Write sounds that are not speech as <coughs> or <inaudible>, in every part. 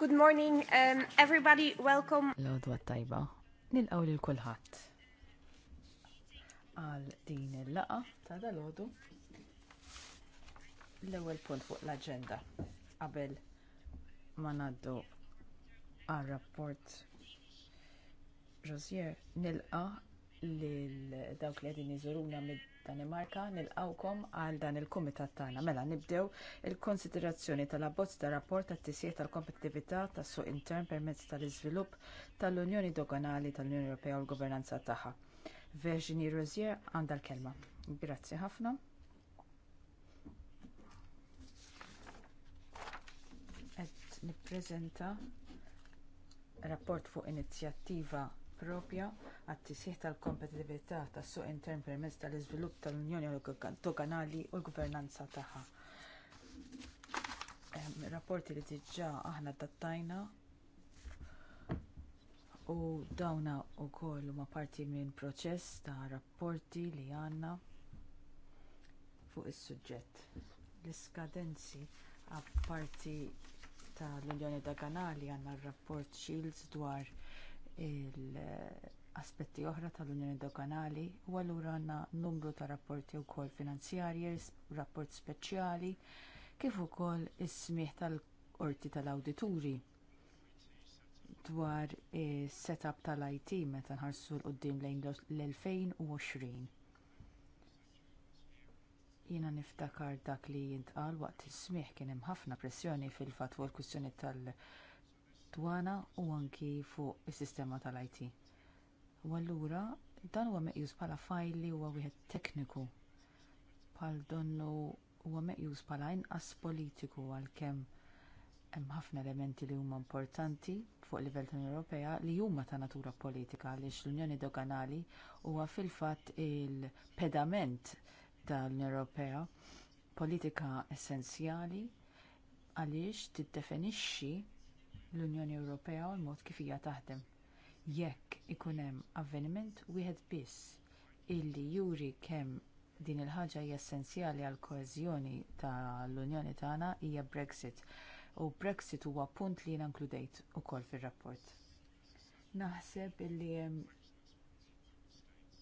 Good morning, um, everybody, welcome. L-għodwa tajba, nil-għaw li l-kulħat. Għal din il-laqa ta' dal-għodu. L-ewel punt fuq l-agenda. Qabel ma naddu għal rapport Rosier nilqa lil dawk li għedin iżuruna mid-Danimarka nilqawkom għal dan il-kumitat tagħna. Mela nibdew il-konsiderazzjoni tal-abbozz ta' rapport tat-tisjiet tal kompetitività tas-suq intern permezz tal-iżvilupp tal-Unjoni Doganali tal-Unjoni Ewropea u l-Governanza tagħha. Virginie Rosier għandha l-kelma. Grazzi ħafna. Qed nippreżenta rapport fuq inizjattiva propja għat-tisjeħ tal-kompetitività tas-suq intern permezz tal-iżvilupp tal-Unjoni Doganali u l-Gvernanza tagħha. Rapporti li diġà aħna dattajna u dawna ukoll huma parti minn proċess ta' rapporti li għandna fuq is-suġġett. L-iskadenzi għall-parti tal-Unjoni Doganali għandna r-rapport Shields dwar il aspetti oħra tal-Unjoni Doganali u allura għandna numru ta' rapporti wkoll finanzjarji, rapport speċjali, kif ukoll is smigħ tal-qorti tal-awdituri dwar is-setup tal-IT meta nħarsu l qudiem lejn l-2020. Jiena niftakar dak li jintqal waqt is smigħ kien hemm ħafna pressjoni fil-fatt fuq il-kwistjoni tal-IT dwana u anki fuq is-sistema tal-IT. U allura dan huwa meqjus bħala fajl li huwa wieħed tekniku bħal donnu huwa meqjus bħala inqas politiku għalkemm hemm ħafna elementi li huma importanti fuq livell tal-Unjoni Ewropea li huma ta' natura politika għaliex l-Unjoni Doganali huwa fil-fatt il-pedament tal-Unjoni Ewropea politika essenzjali għaliex tiddefinixxi l-Unjoni Ewropea u l-mod kif hija taħdem. Jekk ikun hemm avveniment wieħed biss illi juri kemm din il-ħaġa hija essenzjali għall koeżjoni tal-Unjoni tagħna hija Brexit u Brexit huwa punt li jiena inkludejt ukoll fir-rapport. Naħseb illi hemm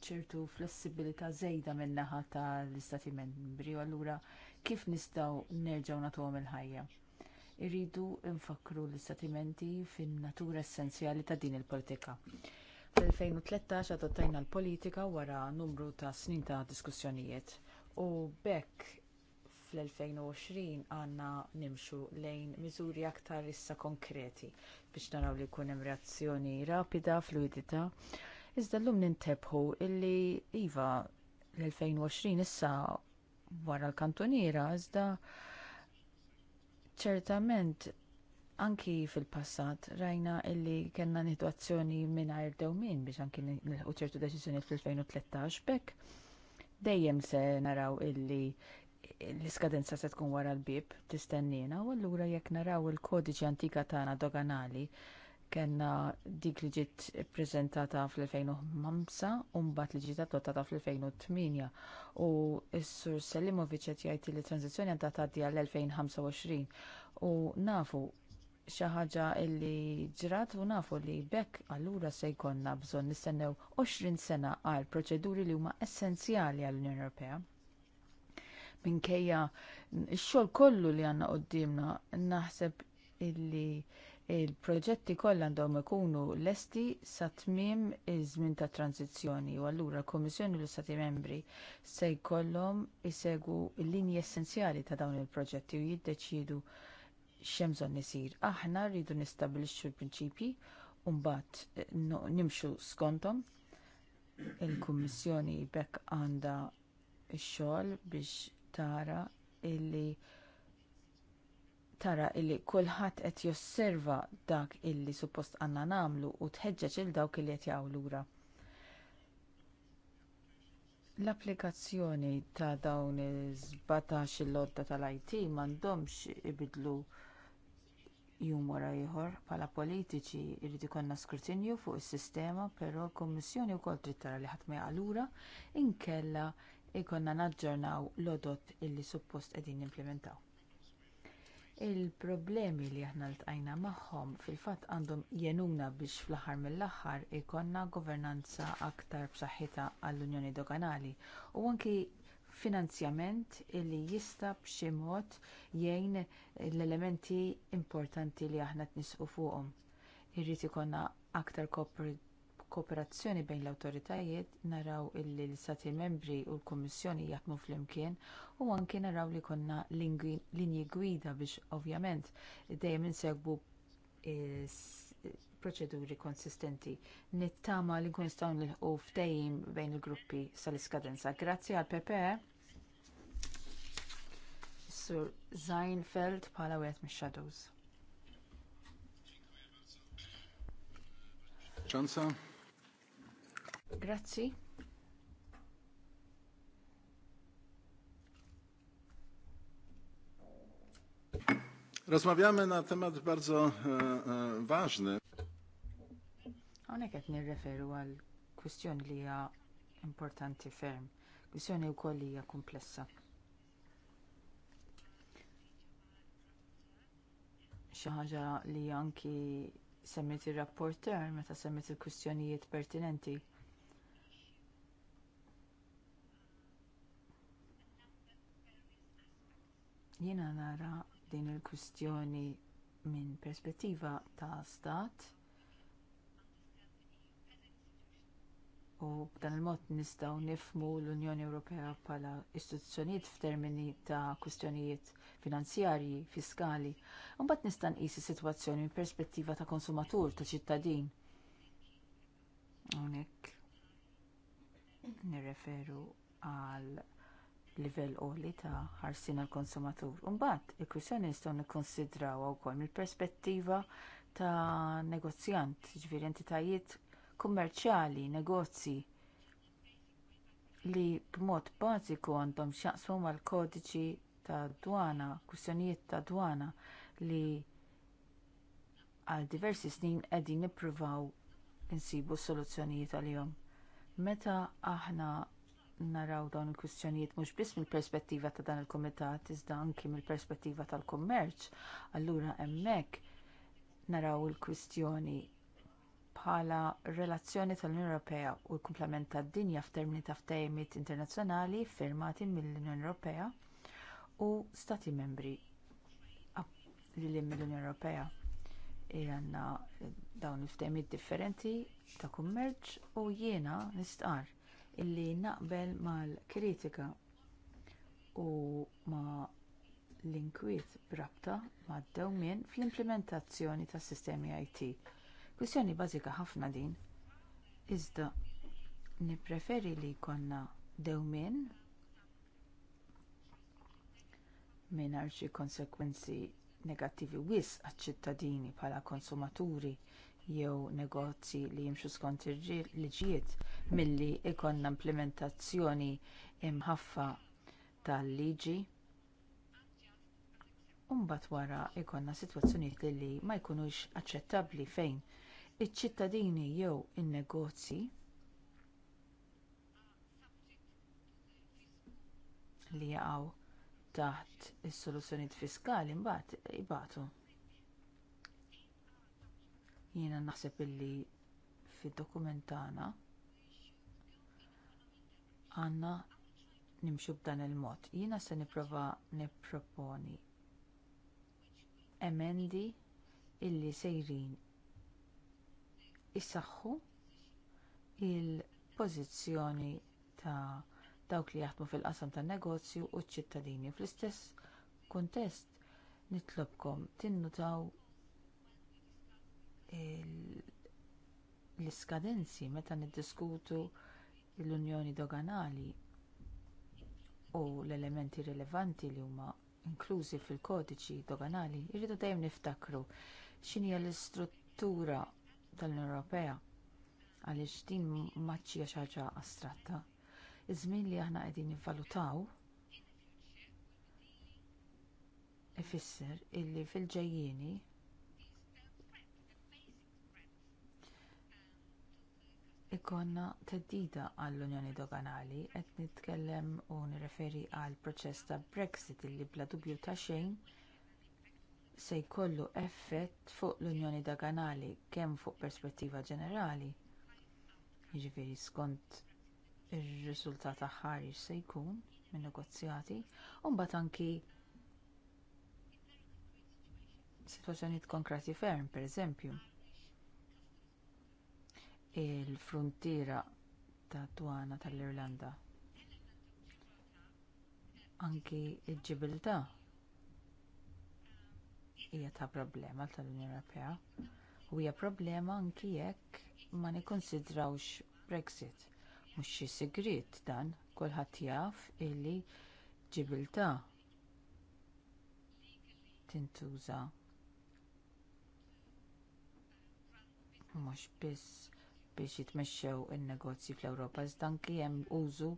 ċertu flessibilità żejda min-naħa tal-Istati Membri u allura kif nistgħu nerġgħu nagħtuhom il-ħajja. Irridu nfakru l-istatimenti fin-natura essenzjali ta' din il-politika. Fl-2013 adottajna l-politika wara numru ta' snin ta' diskussjonijiet u b'hekk fl-2020 għandna nimxu lejn miżuri aktar issa konkreti biex naraw li jkun hemm reazzjoni rapida, fluidità. Iżda llum nintebħu illi iva l-2020 issa wara l-kantoniera iżda ċertament anki fil-passat rajna illi kellna nituazzjoni mingħajr dewmien biex anki nilħu ċertu deċiżjonijiet fil-2013 bekk dejjem se naraw illi l-iskadenza se tkun wara l-bib tistennina u allura jekk naraw il-kodiċi antika tagħna doganali Kenna dik li ġiet ppreżentata fl-2005 u mbagħad li ġiet adottata fl-2008 u s-sur Selimovic qed jgħid li tranzizzjoni għandha tgħaddi għall-2025 u nafu xi ħaġa li ġrat u nafu li bekk allura se jkollna bżonn nistennew 20 sena għal proċeduri li huma essenzjali għall-Unjoni Ewropea minkejja x-xogħol kollu li għandna quddiemna naħseb illi Il-proġetti kollha għandhom ikunu lesti sa tmiem iż-żmien tat tranzizzjoni u allura l-Kummissjoni u l-Istati Membri se jkollhom isegwu l-linji essenzjali ta' dawn il-proġetti u jiddeċiedu x'hemm isir. Aħna rridu nistabbilixxu l-prinċipji u mbagħad nimxu skontom. Il-Kummissjoni bekk għandha x-xogħol biex tara illi tara illi kulħadd qed josserva dak illi suppost għandna nagħmlu u tħeġġeġ il dawk illi qed jagħmlu lura. L-applikazzjoni ta' dawn iż-17 il-lodda tal-IT m'għandhomx ibidlu jum wara ieħor bħala politiċi jrid ikollna skrutinju fuq is-sistema, però l-Kummissjoni wkoll trid tara li ħadd ma lura inkella jkollna naġġornaw l-odot illi suppost qegħdin nimplementaw il-problemi li aħna ltqajna magħhom fil-fatt għandhom jenuna biex fl-aħħar mill-aħħar ikonna governanza aktar b'saħħitha għall-Unjoni Doganali u anki finanzjament li jista' b'xi mod jgħin l-elementi importanti li aħna tnisqu fuqhom. Irrid ikonna aktar kooperazzjoni bejn l-awtoritajiet naraw illi l-istati membri u l-Kummissjoni jaħdmu flimkien u anke naraw li jkollna linji gwida biex ovvjament dejjem insegbu proċeduri konsistenti. Nittama li nkun nistgħu nilħqu ftehim bejn il-gruppi sal-iskadenza. Grazzi għal PP. Sur Seinfeld bħala wieħed mix-Shadows. Grazzi. Rozmawiamy na temat bardzo e, e, ważny. Għonek qed nirreferu għal kwistjoni li hija importanti ferm, u wkoll li hija komplessa. Xi ħaġa li anki semmit ir-rapporter meta semmit il-kwistjonijiet pertinenti Jiena nara din il-kwistjoni minn perspettiva ta' stat u b'dan il-mod nistgħu nifhmu l-Unjoni Ewropea bħala istituzzjonijiet f'termini ta' kwistjonijiet finanzjarji, fiskali, u mbagħad nista' nqis is-sitwazzjoni minn perspettiva ta' konsumatur, ta' ċittadin. nirreferu għal livell għoli ta' ħarsina l-konsumatur. Umbat, il-kwissjoni nistgħu nikkonsidraw wkoll mill-perspettiva ta' negozjant, ġifieri entitajiet kummerċjali, negozji li b'mod bażiku għandhom x'jaqsmu mal-kodiċi ta' dwana, kwistjonijiet ta' dwana li għal diversi snin qegħdin nippruvaw insibu soluzzjonijiet għalihom. Meta aħna naraw dawn il-kwistjonijiet mhux biss mill-perspettiva ta' dan il-kumitat iżda anki mill-perspettiva tal-kummerċ, allura hemmhekk naraw il-kwistjoni bħala relazzjoni tal-Unjoni Ewropea u l-kumplament tad-dinja f'termini ta' ftehimiet internazzjonali firmati mill-Unjoni Ewropea u stati membri li lim mill-Unjoni Ewropea e għandna dawn il-ftehimiet differenti ta' kummerċ u jiena nistqar illi naqbel mal-kritika u ma l-inkwiet brabta mad dewmien fl-implementazzjoni tas sistemi IT. Kwistjoni bażika ħafna din, iżda nippreferi li jkollna dewmien mingħajr xi konsegwenzi negattivi wisq għaċ-ċittadini bħala konsumaturi jew negozji li jimxu skont ir-liġijiet milli ikonna implementazzjoni imħaffa tal-liġi Umbat wara ikonna sitwazzjonijiet li ma jkunux aċċettabbli fejn iċ-ċittadini jew in-negozji li jaqgħu taħt is-soluzzjonijiet fiskali mbagħad ibatu. Jiena naħseb illi fid-dokument tagħna għandna nimxu b'dan il-mod. Jiena se nipprova nipproponi emendi illi sejrin issaħħu il-pożizzjoni ta' dawk li jaħdmu fil-qasam tan negozju u ċ-ċittadini. Fl-istess kuntest nitlobkom tinnutaw l-iskadenzi meta niddiskutu l-Unjoni Doganali u l-elementi rilevanti li huma inklużi fil-kodiċi doganali jridu dejjem niftakru x'inhi l-istruttura tal-Unjoni Ewropea għaliex din maċċija xi ħaġa astratta. Iż-żmien li aħna qegħdin nivvalutaw ifisser illi fil-ġejjieni ikonna theddida għall-Unjoni Doganali qed nitkellem u nirreferi għal proċess ta' Brexit illi bla dubju ta' xejn se jkollu effett fuq l-Unjoni Doganali kemm fuq perspettiva ġenerali. Jiġifieri skont ir-riżultat aħħari se jkun minn negozjati u mbagħad anki sitwazzjonijiet konkreti ferm, pereżempju il-frontiera ta' dwana tal-Irlanda. Anki l ġibilità hija ta' problema tal-Unjoni Ewropea u hija problema anki jekk ma nikkonsidrawx Brexit. Mhux xi sigrit dan, kulħadd jaf illi ġibilità tintuża mhux biss biex jitmexxew in-negozji fl-Ewropa iżda anki hemm użu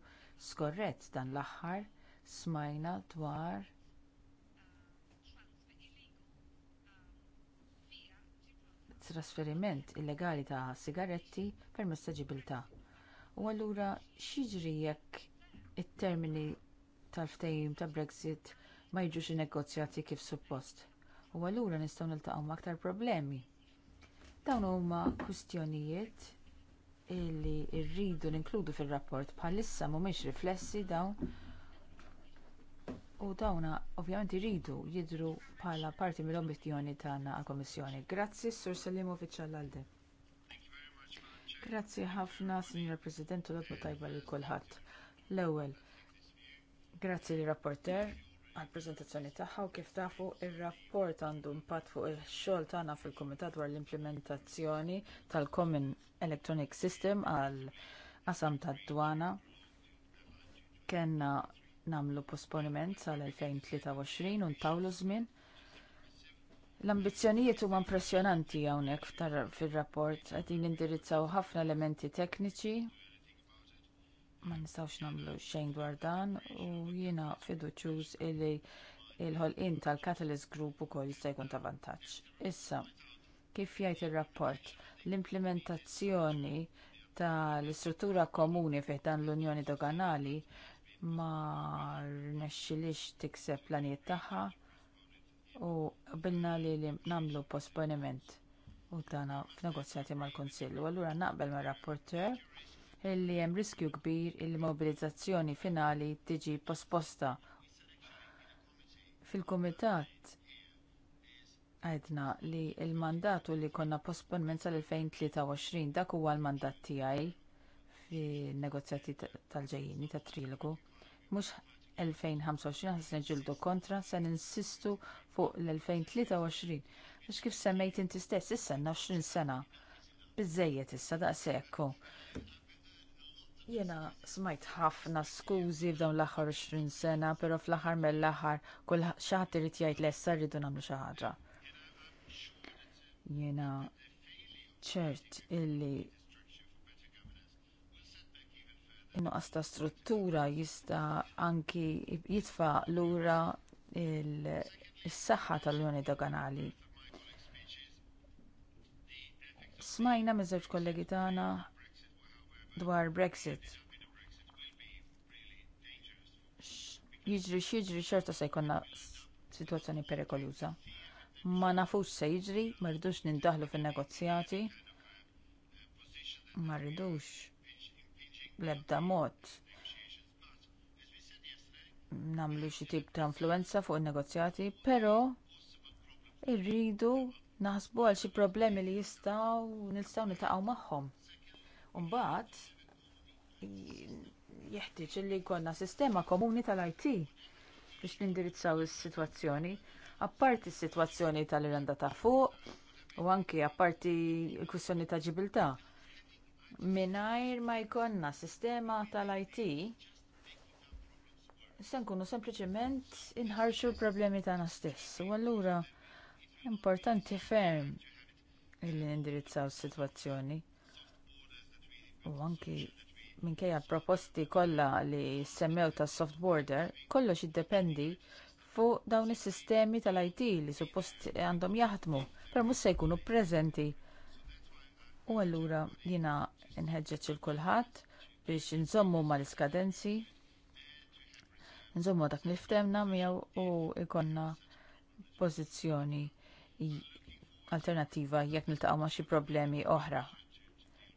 skorrett dan l-aħħar smajna dwar trasferiment illegali ta' sigaretti permezz ta' U allura x'jiġri jekk it-termini tal-ftehim ta' Brexit ma jiġux innegozjati kif suppost. U allura nistgħu niltaqgħu aktar problemi. Dawn huma kwistjonijiet illi rridu ninkludu fil-rapport bħalissa mhumiex riflessi dawn u dawna ovvjament iridu jidhru bħala parti mill-omittjoni tagħna għall-Komissjoni. Grazzi Sur Selimovic għall-Alde. Grazzi ħafna, Signor President, u l tajba li kulħadd. L-ewwel, grazzi li rapporter għall-preżentazzjoni tagħha u kif tafu ir-rapport għandu impatt fuq ix-xogħol tagħna fil-Kumitat dwar l-implementazzjoni tal-Common Electronic System għal qasam tad-dwana. Kenna nagħmlu posponiment sal-2023 u ntawlu żmien. L-ambizzjonijiet huma impressjonanti hawnhekk fir-rapport qegħdin indirizzaw ħafna elementi tekniċi ma nistawx nagħmlu xejn dwar dan u jiena fiduċjuż illi il-ħolqien tal-Catalyst Group ukoll jista' jkun ta' vantaġġ. Issa, kif jgħid ir-rapport, l-implementazzjoni tal-istruttura komuni fih dan l-Unjoni Doganali ma rnexxilix tikseb l tagħha u bilna li, li nagħmlu posponiment u dana f'negozjati mal U Allura naqbel mar rapporter Illi hemm riskju kbir il-mobilizzazzjoni finali tiġi posposta. Fil-Kumitat għedna li l mandatu li konna posponment sal-2023 dak huwa l-mandat tiegħi fin negozjati tal-ġejjini tat trilogu. Mhux 2025 se ġildu kontra se ninsistu fuq l-2023. Mhux kif semmejt inti stess issa 20 sena. Biżżejjed issa daqshekk. Jena smajt ħafna skużi f'dawn l-aħħar 20 sena, pero fl-aħħar mill-aħħar kull xaħat irid jgħid lessa rridu nagħmlu xi ħaġa. Jena ċert illi nuqqas ta' struttura jista' anki jitfa' lura il-saħħa tal-Unjoni Doganali. Smajna miż-żewġ kollegi tagħna dwar Brexit. Jiġri x'jiġri xorta se jkollna sitwazzjoni perikoluża. Ma nafux se jiġri, ma rridux nindaħlu fin-negozjati, ma rridux l-ebda mod namlu xi tip ta' influwenza fuq in-negozjati, però irridu naħsbu għal xi problemi li jistgħu nistgħu nitaqgħu magħhom. Umbat, jeħtieġ li jkollna sistema komuni tal-IT biex nindirizzaw is-sitwazzjoni. Apparti s-sitwazzjoni tal-Irlanda ta' fuq u anke apparti l-kwistjoni ta' ġibilta. Minajr ma jkollna sistema tal-IT se nkunu sempliċement inħarxu l-problemi tagħna stess. U allura importanti ferm illi nindirizzaw s sitwazzjoni u anki minkejja proposti kollha li semmew tas soft border, kollox jiddependi fuq dawn is-sistemi tal-IT li suppost għandhom jaħdmu, per mhux se jkunu preżenti. U allura jiena nħeġġeġ il kulħadd biex nżommu mal-iskadenzi, nżommu dak niftemna miegħu u ikonna pożizzjoni alternattiva jekk niltaqgħu ma' xi problemi oħra.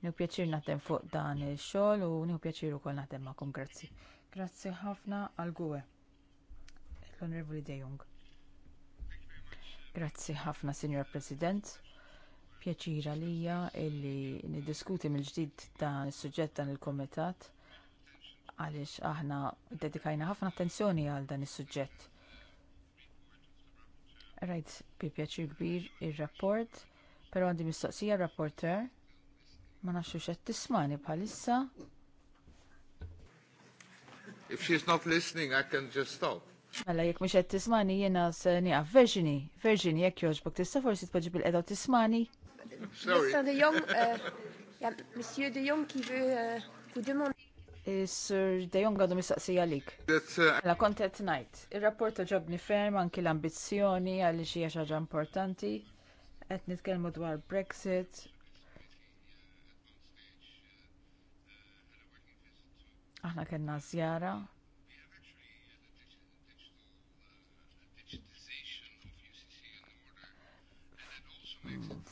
Nieħu pjaċir naħdem fuq dan il-xogħol u nieħu pjaċir kol naħdem magħkom grazzi. Grazzi ħafna għal Gwe. L-Onorevoli De Jong. Grazzi ħafna, Signor President. Pjaċir għalija illi niddiskuti mill-ġdid dan il suġġett dan il-Komitat għaliex aħna dedikajna ħafna attenzjoni għal dan is-suġġett. Rajt pjaċir kbir ir-rapport, però għandi mistoqsija rapporter Ma nafx xed tismani bħalissa. If she's not listening, I can just stop. Mela jekk mhux qed tismani jiena se nieqaf Virgini, Virginie, jekk jogħġbok tista' forsi tpoġġi bil-qeda tismani. Mr. De Jong, euh, Monsieur De Jong qui veut euh, vous eh, Sir De Jong għadu mistaqsija għalik. Uh, mela kontet najt. Ir-rapport ġobni ferm anki l-ambizzjoni għalli xi ħaġa importanti. Qed nitkellmu dwar Brexit, Aħna kellna żjara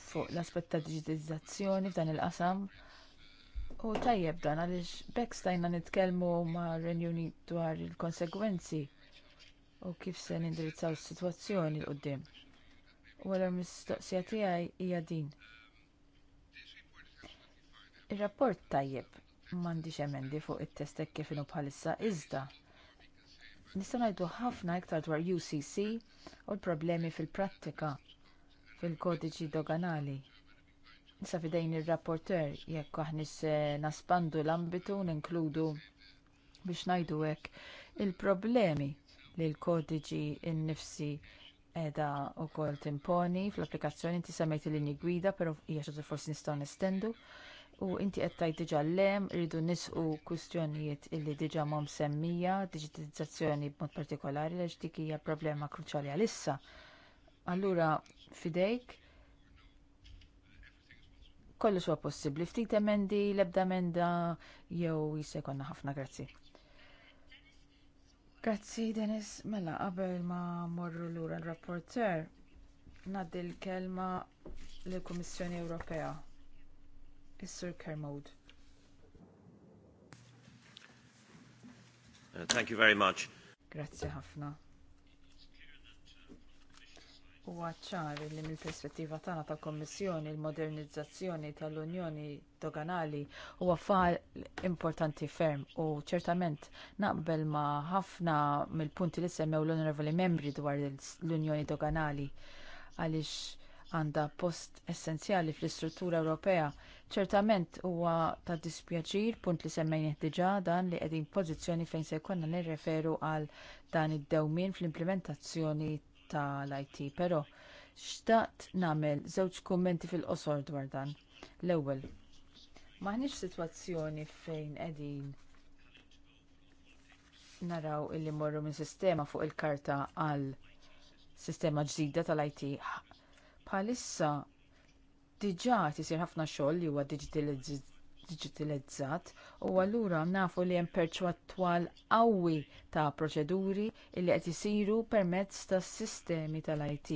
fuq l-aspett ta' digitizzazzjoni f'dan il-qasam. U tajjeb dan għaliex bekk stajna nitkellmu ma' Renjuni dwar il-konsegwenzi u kif se nindirizzaw s sitwazzjoni l qudiem U għal mistoqsija tiegħi hija din. Ir-rapport tajjeb m'għandix emendi fuq it-test kif inhu bħalissa iżda. Nista' ngħidu ħafna iktar dwar UCC u l-problemi fil-prattika fil-kodiċi doganali. Nisa fidejn ir-rapporteur jekk aħna se naspandu l-ambitu ninkludu biex ngħidu hekk il-problemi li l-kodiċi nnifsi qiegħda wkoll timponi fl-applikazzjoni inti semmejt linji gwida, però hija xi forsi nistgħu nestendu u inti qed tgħid diġà lem rridu nisqu kwistjonijiet illi diġà m'hom semmija, diġitizzazzjoni b'mod partikolari għax dik hija problema kruċjali għalissa. Allura fidejk kollox huwa possibbli. Ftit emendi, l-ebda emenda jew jisekonna ħafna grazzi. Grazzi Denis, mela qabel ma morru lura l-rapporter, ngħaddi l-kelma lill-Kummissjoni Ewropea is Kermode. Uh, thank you very much. Grazzi ħafna. Huwa ċar li mill-perspettiva tagħna tal Kommissjoni il-modernizzazzjoni tal-Unjoni Doganali huwa għaffar importanti ferm u ċertament naqbel ma ħafna mill-punti li semmew l-onorevoli membri dwar l-Unjoni Doganali għalix għandha post essenzjali fl-istruttura Ewropea. Ċertament huwa ta' dispjaċir punt li semmejn diġà dan li qegħdin pożizzjoni fejn se jkollna nirreferu għal dan id-dewmien fl-implementazzjoni tal-IT, però xtaqt nagħmel żewġ kummenti fil-qosor dwar dan. L-ewwel, maħniex sitwazzjoni fejn qegħdin naraw illi morru minn sistema fuq il-karta għal sistema ġdida tal-IT Bħalissa diġà tisir ħafna xogħol li huwa digitalizzat u allura nafu li hemm perċu attwal qawwi ta' proċeduri li qed isiru permezz ta' sistemi tal-IT.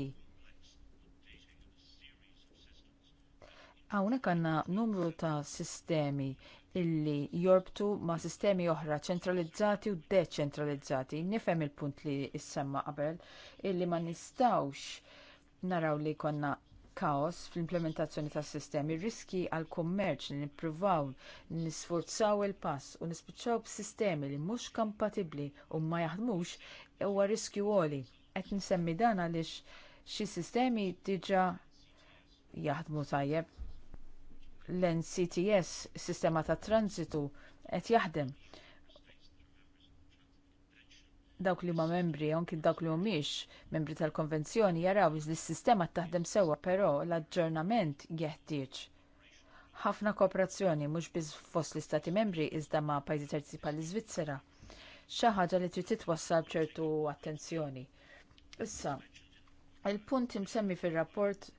Hawnhekk għandna numru ta' sistemi illi jorbtu ma' sistemi oħra ċentralizzati u deċentralizzati. Nifhem il-punt li issemma qabel illi ma nistawx naraw li jkollna kaos fl-implementazzjoni tas sistemi, riski għall kummerċ li nippruvaw nisforzaw il-pass u nispiċċaw b'sistemi li mhux kompatibbli u ma jaħdmux huwa riskju għoli. Qed nsemmi dan għaliex xi sistemi diġà jaħdmu tajjeb. L-NCTS, sistema ta' transitu, qed jaħdem dawk li huma membri, anki dawk li mhumiex membri tal-konvenzjoni jaraw li s-sistema taħdem sewwa, però l-aġġornament jeħtieġ ħafna kooperazzjoni mhux biss fost l-istati membri iżda ma' pajjiżi terzi bħal iżvizzera Xi ħaġa li trid titwassal b'ċertu attenzjoni. Issa, il-punt imsemmi fir-rapport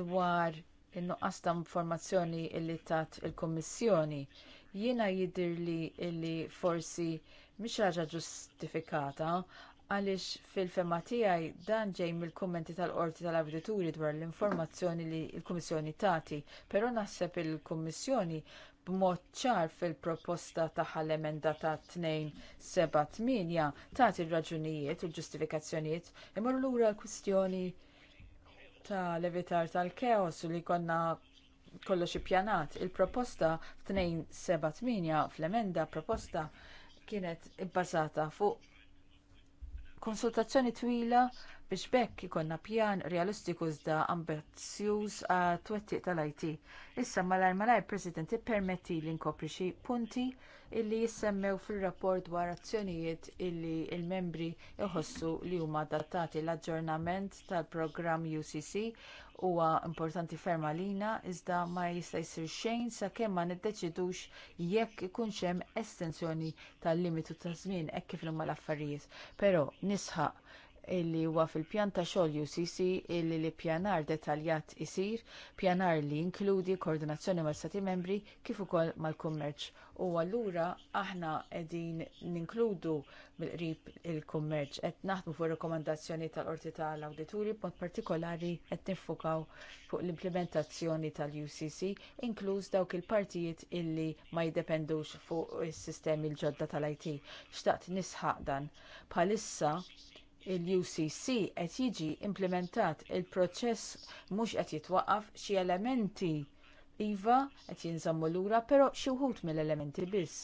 dwar in-nuqqas ta' informazzjoni li tat il-Kummissjoni jiena jidhirli li forsi mhix ħaġa ġustifikata għaliex fil-fema tiegħi dan ġej mill-kummenti tal-qorti tal-avrituri dwar l-informazzjoni li l-Kummissjoni tagħti, però naħseb il-Kummissjoni b'mod ċar fil-proposta tagħha l-emenda ta' 278 tagħti r-raġunijiet u l-ġustifikazzjonijiet imorru lura l-kwistjoni ta' levitar tal-keos u li konna kollox ippjanat. Il-proposta 278 fl-emenda proposta kienet ibbażata fuq konsultazzjoni twila biex bekk ikonna pjan realistiku iżda ambizzjuż għat twettiq tal-IT. Issa malajr malajr President permetti li nkopri xi punti illi jissemmew fil-rapport dwar azzjonijiet illi l il membri jħossu li huma adattati l-aġġornament tal-programm UCC huwa importanti ferm għalina iżda ma jista' jsir xejn sakemm ma niddeċidux jekk ikunx hemm estensjoni tal-limitu ta' żmien hekk kif huma l-affarijiet. Però nisħaq illi huwa fil-pjan ta' xogħol UCC illi li pjanar detaljat isir, pjanar li jinkludi koordinazzjoni mal stati membri kif ukoll mal-kummerċ. U allura aħna qegħdin ninkludu mill-qrib il-kummerċ qed naħdmu fuq rekomandazzjoni tal-Qorti tal-Awdituri b'mod partikolari qed nifokaw fuq l-implementazzjoni tal-UCC, inkluż dawk il-partijiet illi ma jiddependux fuq is-sistemi l-ġodda tal-IT. Xtaqt nisħaq dan. Bħalissa il-UCC qed jiġi implementat il-proċess mhux qed jitwaqqaf xi elementi iva qed jinżammu lura, però xi wħud mill-elementi biss.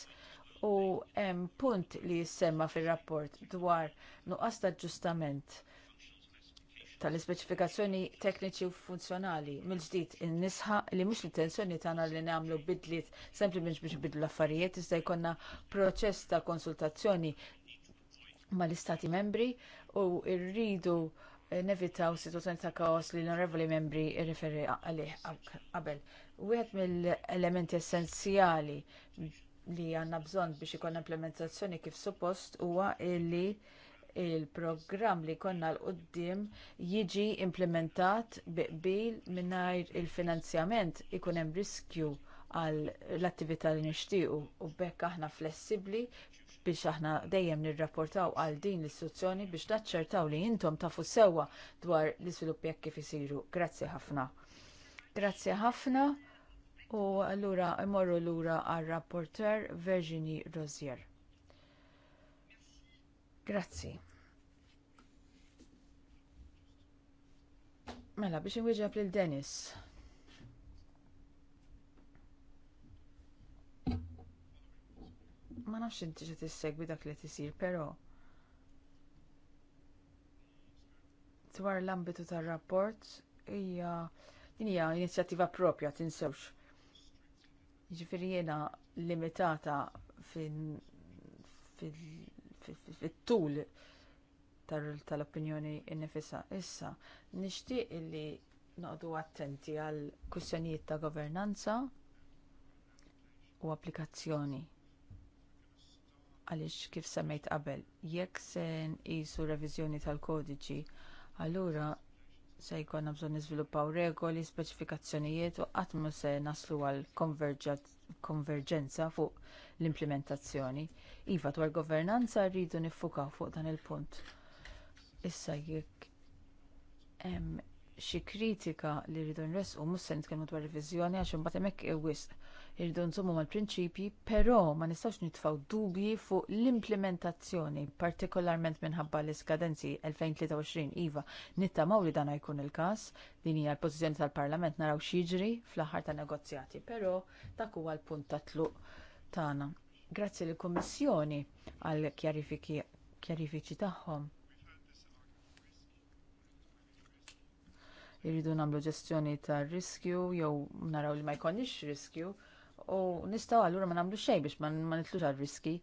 U hemm punt li jissemma fir-rapport dwar nuqqas ta' ġustament tal-ispeċifikazzjoni tekniċi u funzjonali mill-ġdid in-nisħa li mhux l-intenzjoni tagħna li nagħmlu bidliet sempliċement biex bidlu l-affarijiet iżda jkollna proċess ta' konsultazzjoni mal-istati membri u rridu nevitaw situazzjoni ta' kaos li l-onorevoli membri irriferi għalih qabel. Wieħed mill-elementi essenzjali li għandna bżonn biex ikon implementazzjoni kif suppost huwa li l programm li jkollna l qudiem jiġi implementat biqbil mingħajr il-finanzjament ikun hemm riskju għal l-attività li nixtiequ u bekk aħna flessibbli biex aħna dejjem nirrapportaw għal din l-istituzzjoni biex taċċertaw li intom tafu sewwa dwar l-iżviluppi jekk kif isiru. Grazzi ħafna. Grazzi ħafna u allura imorru lura għar rapporter Virginie Rozier. Grazzi. Mela biex inwieġeb lil Dennis. ma nafx inti ġa tissegwi dak li tisir, però dwar l-ambitu tar-rapport hija din hija inizjattiva propja tinsewx. Jiġifieri jiena limitata fit-tul tal-opinjoni innifisa. Issa, nixtieq li noqdu attenti għal kwistjonijiet ta' governanza u applikazzjoni għaliex kif semmejt qabel, jekk se nqisu reviżjoni tal-kodiċi, allura se jkollna bżonn niżviluppaw regoli, speċifikazzjonijiet u qatt ma se naslu għal konverġenza fuq l-implementazzjoni. Iva dwar governanza rridu niffukaw fuq dan il-punt. Issa jekk hemm xi kritika li rridu nresqu mhux se nitkellmu dwar reviżjoni għax imbagħad hemmhekk wisq irridu nżommu mal-prinċipji, però ma nistgħux nitfgħu dubji fuq l-implementazzjoni, partikolarment minħabba l-iskadenzi 2023 iva, nittamaw li dan jkun il-każ, din hija l-pożizzjoni tal-Parlament naraw jiġri fl-aħħar ta' negozjati, però dak huwa l-punt ta' tluq tagħna. Grazzi lill kummissjoni għall kjarifiċi tagħhom. irridu nagħmlu ġestjoni tar riskju jew naraw li ma jkollniex riskju u nistgħu allura ma nagħmlu xejn biex ma nitlux għal riski.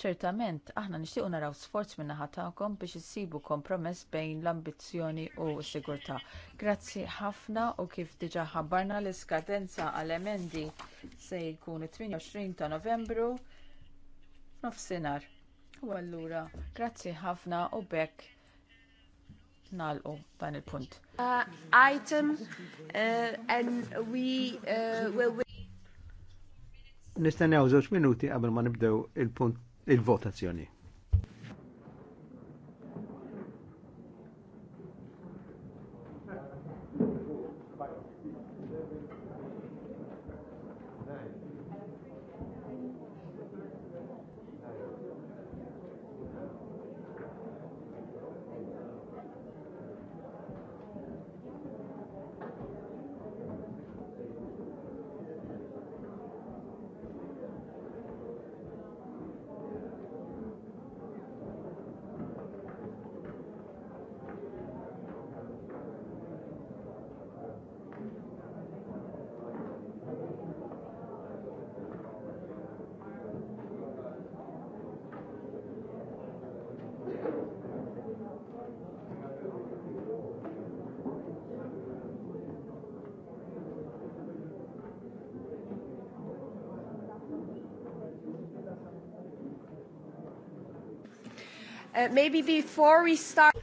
Ċertament, aħna nixtiequ naraw sforz minn naħa tagħkom biex issibu kompromess bejn l-ambizzjoni u s-sigurtà. Grazzi ħafna u kif diġà ħabbarna l-iskadenza għal emendi se jkun 28 ta' Novembru nofsinhar. U allura, grazzi ħafna u bekk nalqu dan il-punt. Uh, item uh, and we uh, will Nistennew żewġ minuti qabel ma nibdew il-punt il-votazzjoni. maybe before we start.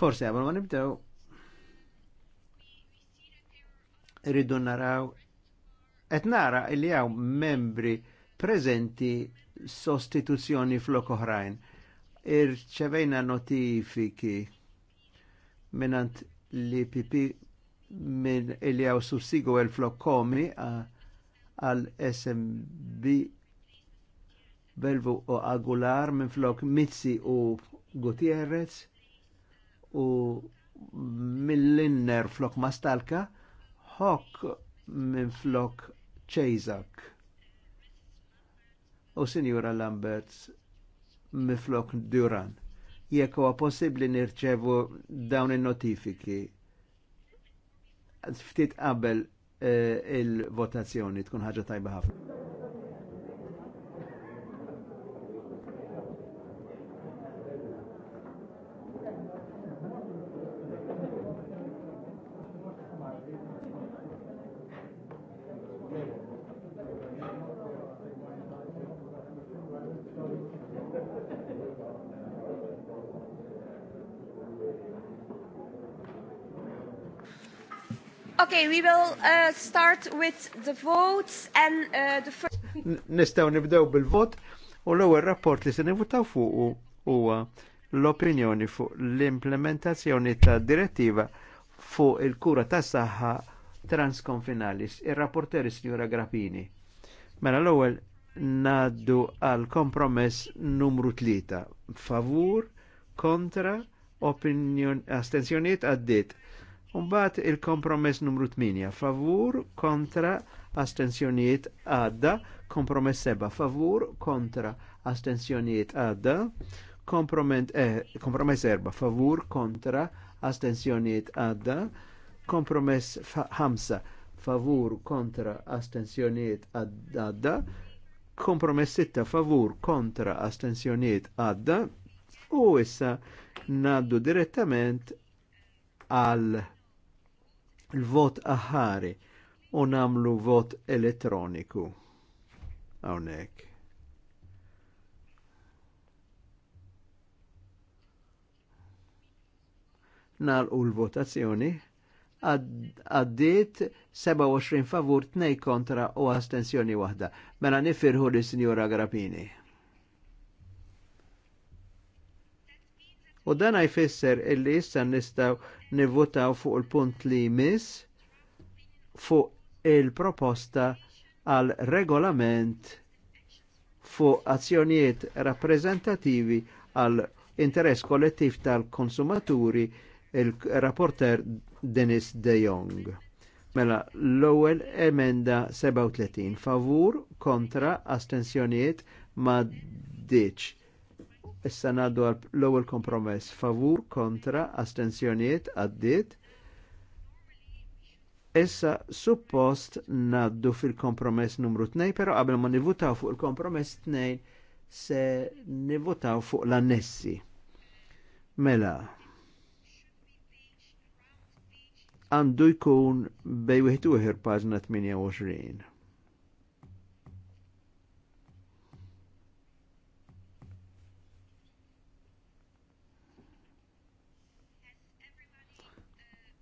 Forse għabel eh, ma nibdew. Irridu naraw. Et nara illi għaw membri prezenti sostituzzjoni flok oħrajn. Irċevejna notifiki minnant li pipi minn illi għaw sussigu għel flok komi għal SMB Belvu u Agular minn flok Mizzi u Gutierrez u mill-inner flok Mastalka, hok minn flok Chazak. U Sinjura Lambert minn flok Duran. Jekk huwa possibbli nirċevu dawn in-notifiki ftit qabel eh, il-votazzjoni tkun ħaġa tajba ħafna. we will uh, start with the votes and uh, the first... Nistaw nibdew bil-vot u l-ewwel rapport li se nivutaw fuq huwa l-opinjoni fuq l-implementazzjoni ta' direttiva fuq il-kura tas saħħa transkonfinalis. Ir-rapporteri Signora Grappini. Mela l-ewwel naddu għal kompromess numru tlieta. Favur, kontra, opinjon, astenzjoniet għaddit. Umbat il-kompromess numru 8, favur kontra astensjoniet għadda, kompromess 7, favur kontra astensjonijiet għadda, eh, kompromess 4, favur kontra astensjonijiet għadda, kompromess 5, favur kontra astensjoniet għadda, kompromess 6, eh, favur kontra astensjonijiet għadda, u issa naddu direttament għal l-vot aħari u namlu vot elettroniku. Hawnhekk. Nalqu l-votazzjoni Għaddit 27 favur, 2 kontra u astensjoni waħda. Mela nifirħu l-Sinjora Grappini. U dan jfisser illi issa nistaw nivvotaw fuq il-punt li mis fuq il-proposta għal regolament fuq azzjonijiet rappresentativi għal interess kollettiv tal-konsumaturi il-rapporter Dennis De Jong. Mela, l-ewwel emenda 37 favur kontra astensjonijiet ma' diċ. Issa naddu għal l-ewwel kompromess favur kontra astensjonijiet għaddiet. Issa suppost naddu fil-kompromess numru 2, però qabel ma nivutaw fuq il-kompromess 2 se nivutaw fuq l-annessi. Mela, għandu jkun bej wieħed paġna 28.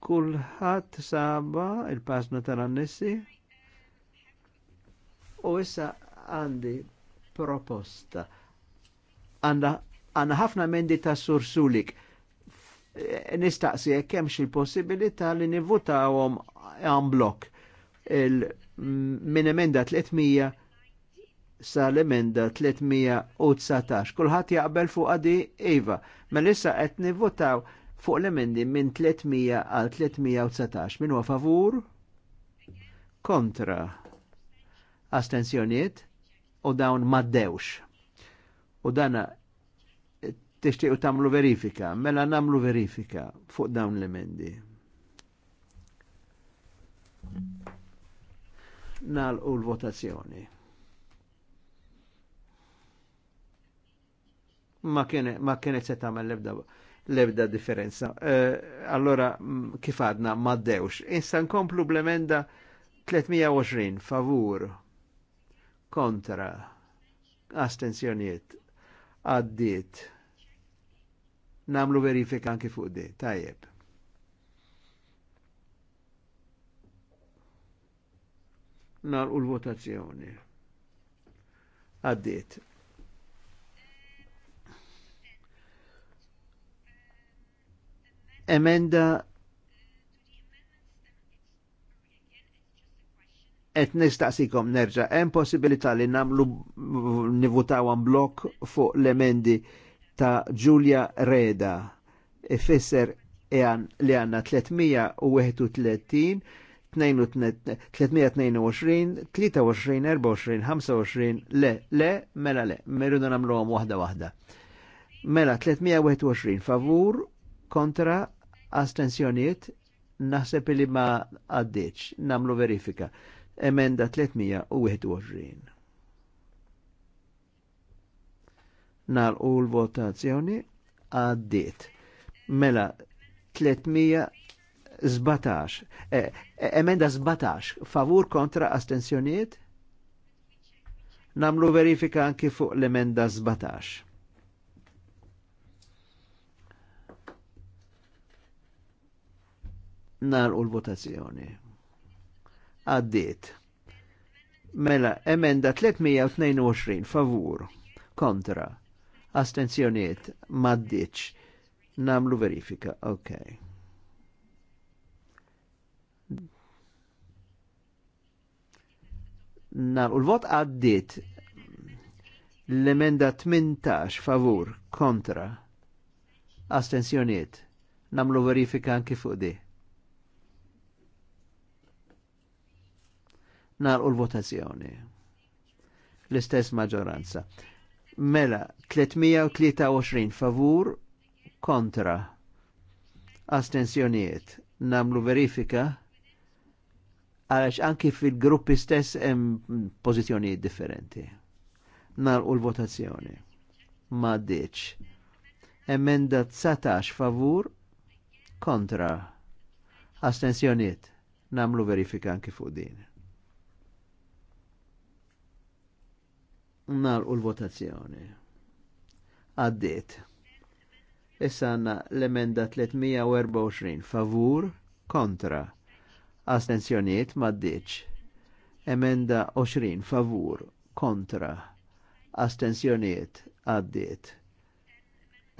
Kulħadd saba il-pasna tal-annessi u issa għandi proposta. Għanna ħafna mendi ta' sursulik. Nistaqsi jekk il-possibilità li għom għan blok Min emenda 300 sa l-emenda 319. Kulħadd jaqbel fuq għadi eva, Ma issa qed nivvutaw fuq l-emendi minn 300 għal 319. Min huwa favur? Kontra. Astenzjoniet u dawn maddewx. U dana tixtiequ tamlu verifika, mela namlu verifika fuq dawn l-emendi. Nalqu l-votazzjoni. Ma kienet se tagħmel l-ebda lebda differenza. Uh, allora, mm, kif għadna, maddewx. Insan nkomplu blemenda 320 favur kontra astenzjoniet għaddiet namlu verifika anki fuq di tajjeb nar u l-votazzjoni għaddiet Emenda et nistaqsikom nerġa, hemm possibilità li namlu nivutaw għan blok fuq l-emendi ta' Giulia Reda. Ifisser e li għanna 331, 322, 23, 24, 25, le, le, mela le, merridu namlu għom wahda wahda. Mela 321 favur kontra astensjoniet naħseb li ma għaddiċ, namlu verifika. Emenda 321. Nalqu l-votazzjoni għaddiet. Mela 317. Eh, eh, emenda 17. Favur kontra astensjoniet? Namlu verifika anki fuq l-emenda 17. nar u l-votazzjoni. Għaddiet. Mela, emenda 322 favur, kontra, astenzjoniet, maddiċ, namlu verifika, ok. Nar u l-vot għaddiet l-emenda 18 favur, kontra, astenzjoniet, namlu verifika anki fuq di. u l-votazzjoni. L-istess maġoranza. Mela, 323 favur kontra astensjonijiet. Namlu verifika għalax anki fil-gruppi stess hemm pożizzjonijiet differenti. u l-votazzjoni. Ma diċ. Emenda 19 favur kontra astensjonijiet. Namlu verifika anki fuq din. u l-votazzjoni. Għaddit. Issa għanna l-emenda 324 favur kontra. Astenzjoniet maddiċ. Emenda 20 favur kontra. Astenzjoniet għaddit.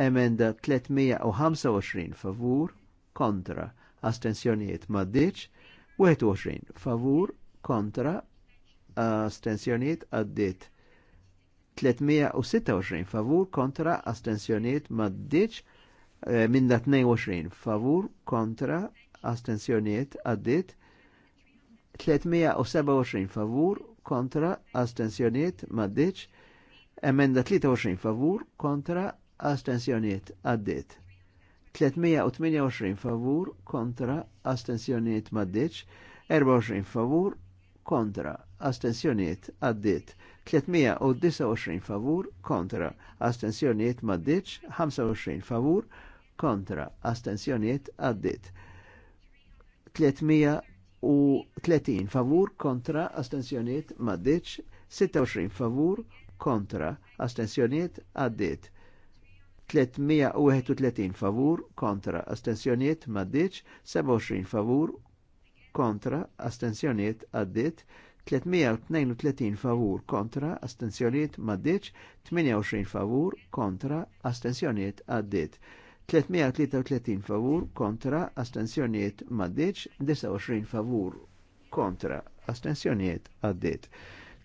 Emenda 325 favur kontra. Astenzjoniet maddiċ. 21 favur kontra. Astenzjoniet għaddit. 326 favur kontra astensjoniet maddiċ eh, minna 22 favur kontra astensjoniet għaddit 327 favur kontra astensjoniet maddiċ emenda 23 favur kontra astensjoniet għaddit 328 favur kontra astensjoniet maddiċ 24 favur kontra, astensjoniet għaddit, 329 favur kontra, astensjoniet maddiċ, 25 favur kontra, astensjoniet għaddit, 330 favur kontra, astensjoniet maddiċ, 26 favur kontra, astensjoniet għaddit, 331 favur kontra, astensjoniet maddiċ, 27 favur kontra astenzjoniet għaddit 332 favur kontra astenzjoniet maddiċ 28 favur kontra astenzjoniet għaddit 333 favur kontra astenzjoniet maddiċ 29 favur kontra astenzjoniet għaddit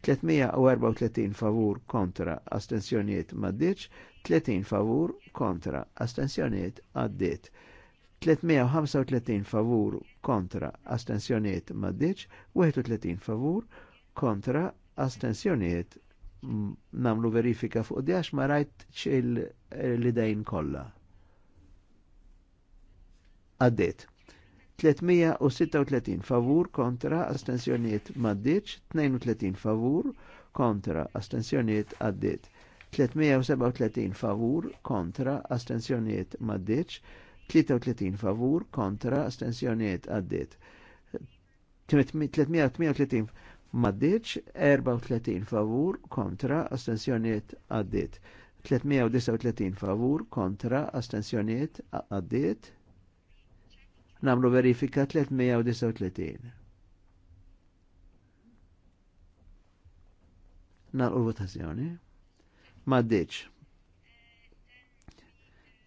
334 favur kontra astenzjoniet maddiċ 30 favur kontra astenzjoniet għaddit 335 favur kontra astensjoniet maddiċ, 31 favur kontra astensjoniet namlu verifika fuq diħax ma rajt l-idejn kolla. Għaddit. 336 favur kontra astensjoniet maddiċ, 32 favur kontra astensjoniet għaddit. 337 favur kontra astensjoniet maddiċ, 33 favur kontra astensjoniet għaddit. 338 maddiċ, 34 favur kontra astensjoniet għaddit. 339 favur kontra astensjoniet għaddit. Namlu verifika 339. Nal votazzjoni. Maddiċ.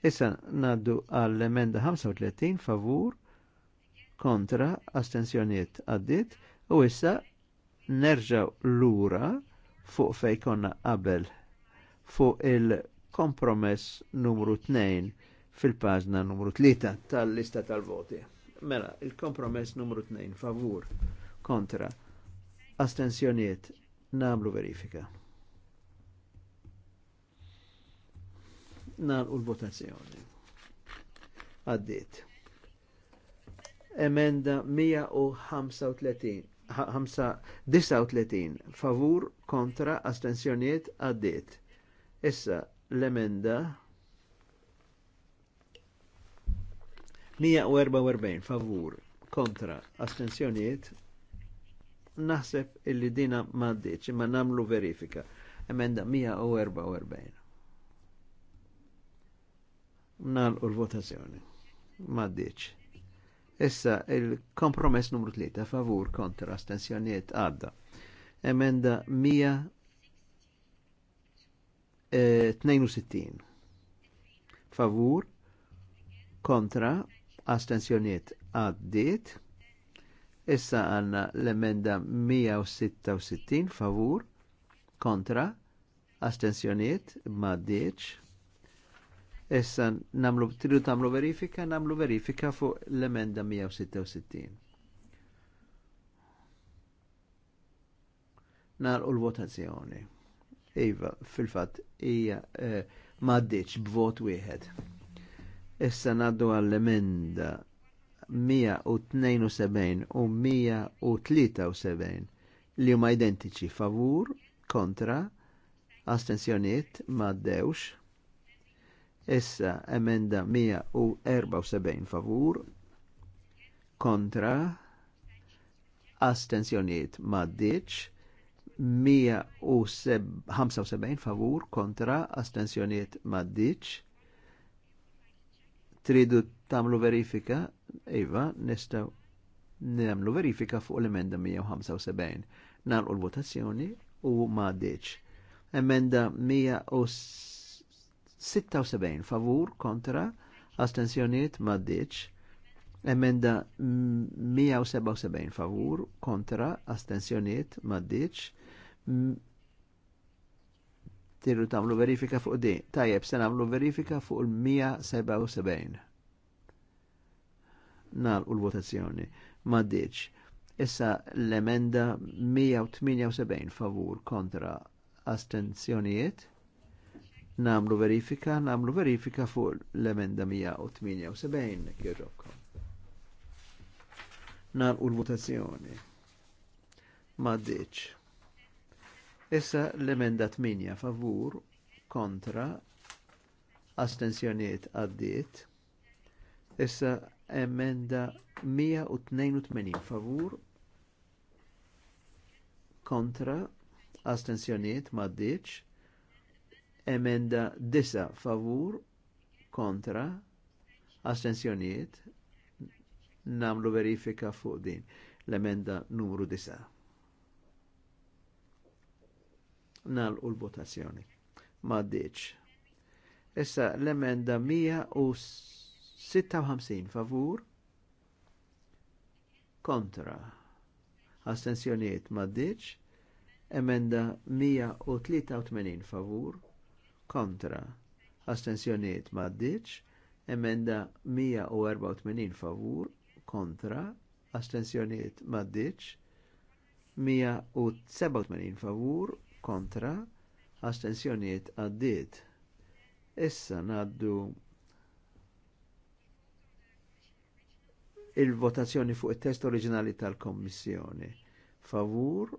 Issa naddu għall-emenda 35 favur kontra astensjoniet għaddit u issa nerġaw lura fuq fejkonna qabel fuq il-kompromess numru 2 fil-pażna numru 3 tal-lista tal-voti. Mela, il-kompromess numru 2 favur kontra astensjoniet namlu verifika. nar u l-votazzjoni. Għaddit. Emenda 139 favur kontra astensjoniet għaddit. Issa l-emenda 144 favur kontra astensjoniet naħseb illi dina maddit, imma namlu verifika. Emenda 144. Nalqu l-votazzjoni. Maddiċ. Issa il-kompromess numru 3 favur kontra astensjonijiet għadda. Emenda 162. E, favur kontra astenzjoniet għaddit. Issa għanna l-emenda 166 favur kontra astensjonijiet maddiċ. Issa namlu tridu tamlu verifika, namlu verifika fuq l-emenda 166. u l-votazzjoni. Iva, fil-fat, hija eh, maddiċ b'vot wieħed. Issa naddu għall-emenda 172 u 173 li huma identiċi favur, kontra, astensjoniet, maddewx, Issa emenda 174 favur kontra astensjoniet maddiċ 175 favur kontra astensjoniet maddiċ tridu tamlu verifika iva nistaw nemlu verifika fuq l-emenda 175 nal l-votazzjoni u maddiċ emenda 175 76 favur kontra astensjoniet maddiċ emenda 177 favur kontra astensjoniet maddiċ tirru tamlu verifika fuq di tajjeb se namlu verifika fuq il-177 nal u l-votazzjoni maddiċ issa l-emenda 178 favur kontra astenzjonijiet namlu verifika, namlu verifika fuq l-emenda 178 kirrokkom. u l-votazzjoni. Ma ddiċ. Issa l-emenda 8 favur kontra astensjoniet għaddiet. Issa emenda 182 favur kontra astensjoniet ma ddiċ Emenda disa favur kontra astensjoniet namlu verifika fuq din l-emenda numru disa. Nalqu l-votazzjoni. Ma ddiċ. Issa l-emenda 156 favur kontra astensjonijiet ma ddiċ emenda 183 favur kontra astensjoniet maddiċ, emenda 184 favur kontra astensjoniet maddiċ, 187 favur kontra astensjoniet għaddiet. Issa naddu il-votazzjoni fuq it-test oriġinali tal-Kommissjoni. Favur,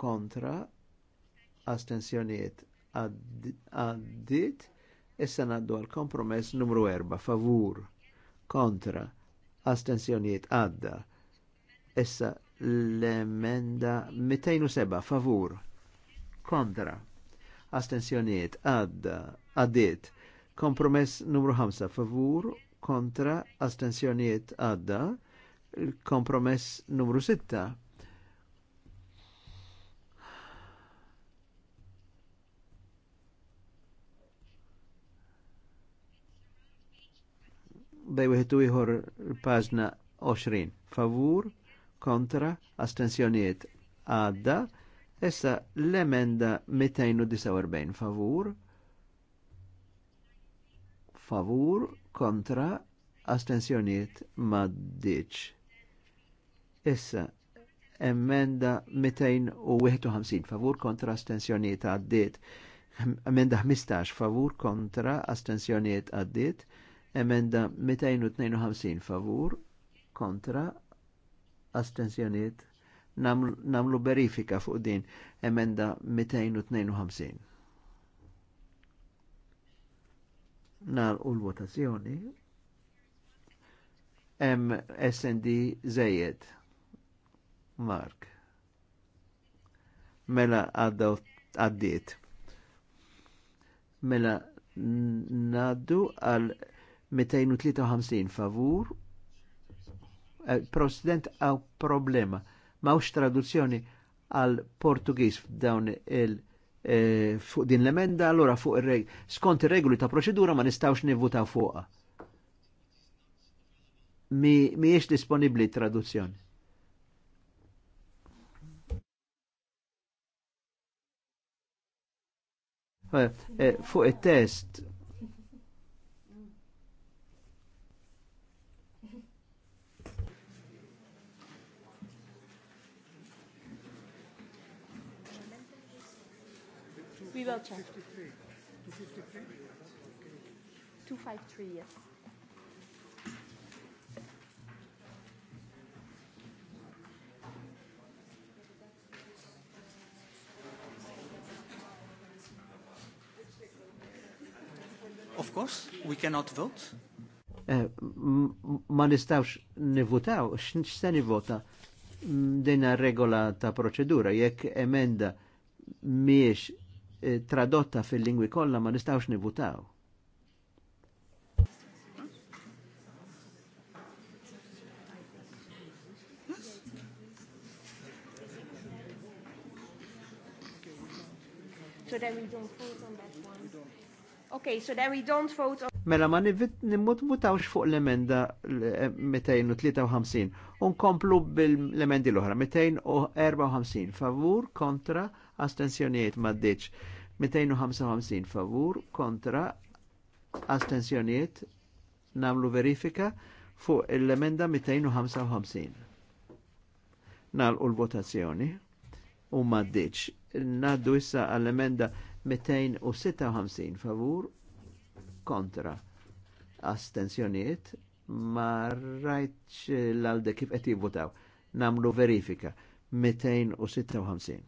kontra, astensjoniet għaddit, issa naddu għal kompromess numru 4, favur, kontra, astensjoniet għadda, issa l-emenda 207, favur, kontra, astensjoniet għadda, għaddit, kompromess numru 5, favur, kontra, astensjoniet għadda, kompromess numru 6, bej wieħed ieħor paġna 20. Favur, kontra, astensjonijiet għadda. Issa l-emenda 249 favur, favur, kontra, astensjonijiet maddiċ. Issa, emenda 251 favur kontra astensjonijiet għaddit. Emenda 15 favur kontra astensjonijiet għaddit. Emenda 252 favur kontra astensjoniet namlu, verifika fuq din emenda 252. nal u l-votazzjoni em SND zejed Mark mela għaddit mela naddu għal 253 favur. Eh, President għaw problema. Mawx traduzzjoni għal Portugis f'dawn il- eh, fuq din l-emenda, allora fuq il-reg, skont il-regoli ta' proċedura ma nistawx nivvutaw fuqa. Mi, mi jiex disponibli traduzzjoni. Eh, fuq il-test We will check. 253. yes. Of course, we cannot vote. Eh, ma nistawx nivutaw, x'se nivota? Mm, dina regola ta' proċedura, jekk emenda miex Eh, tradotta fil-lingwi kollha ma nistgħux nivutaw. So that we don't vote on that one. Okay, so that we don't vote on Mela ma nimmutmutawx fuq l-emenda 253. Eh, Unkomplu bil-emendi l-oħra, 254, favur kontra astensjonijiet maddiċ 255 favur kontra astensjonijiet namlu verifika fuq l-emenda 255. Nalqu l-votazzjoni u maddiċ. Naddu issa għall-emenda 256 favur kontra astensjonijiet ma rajtx l-għalde kif qed jivvotaw. Namlu verifika 256.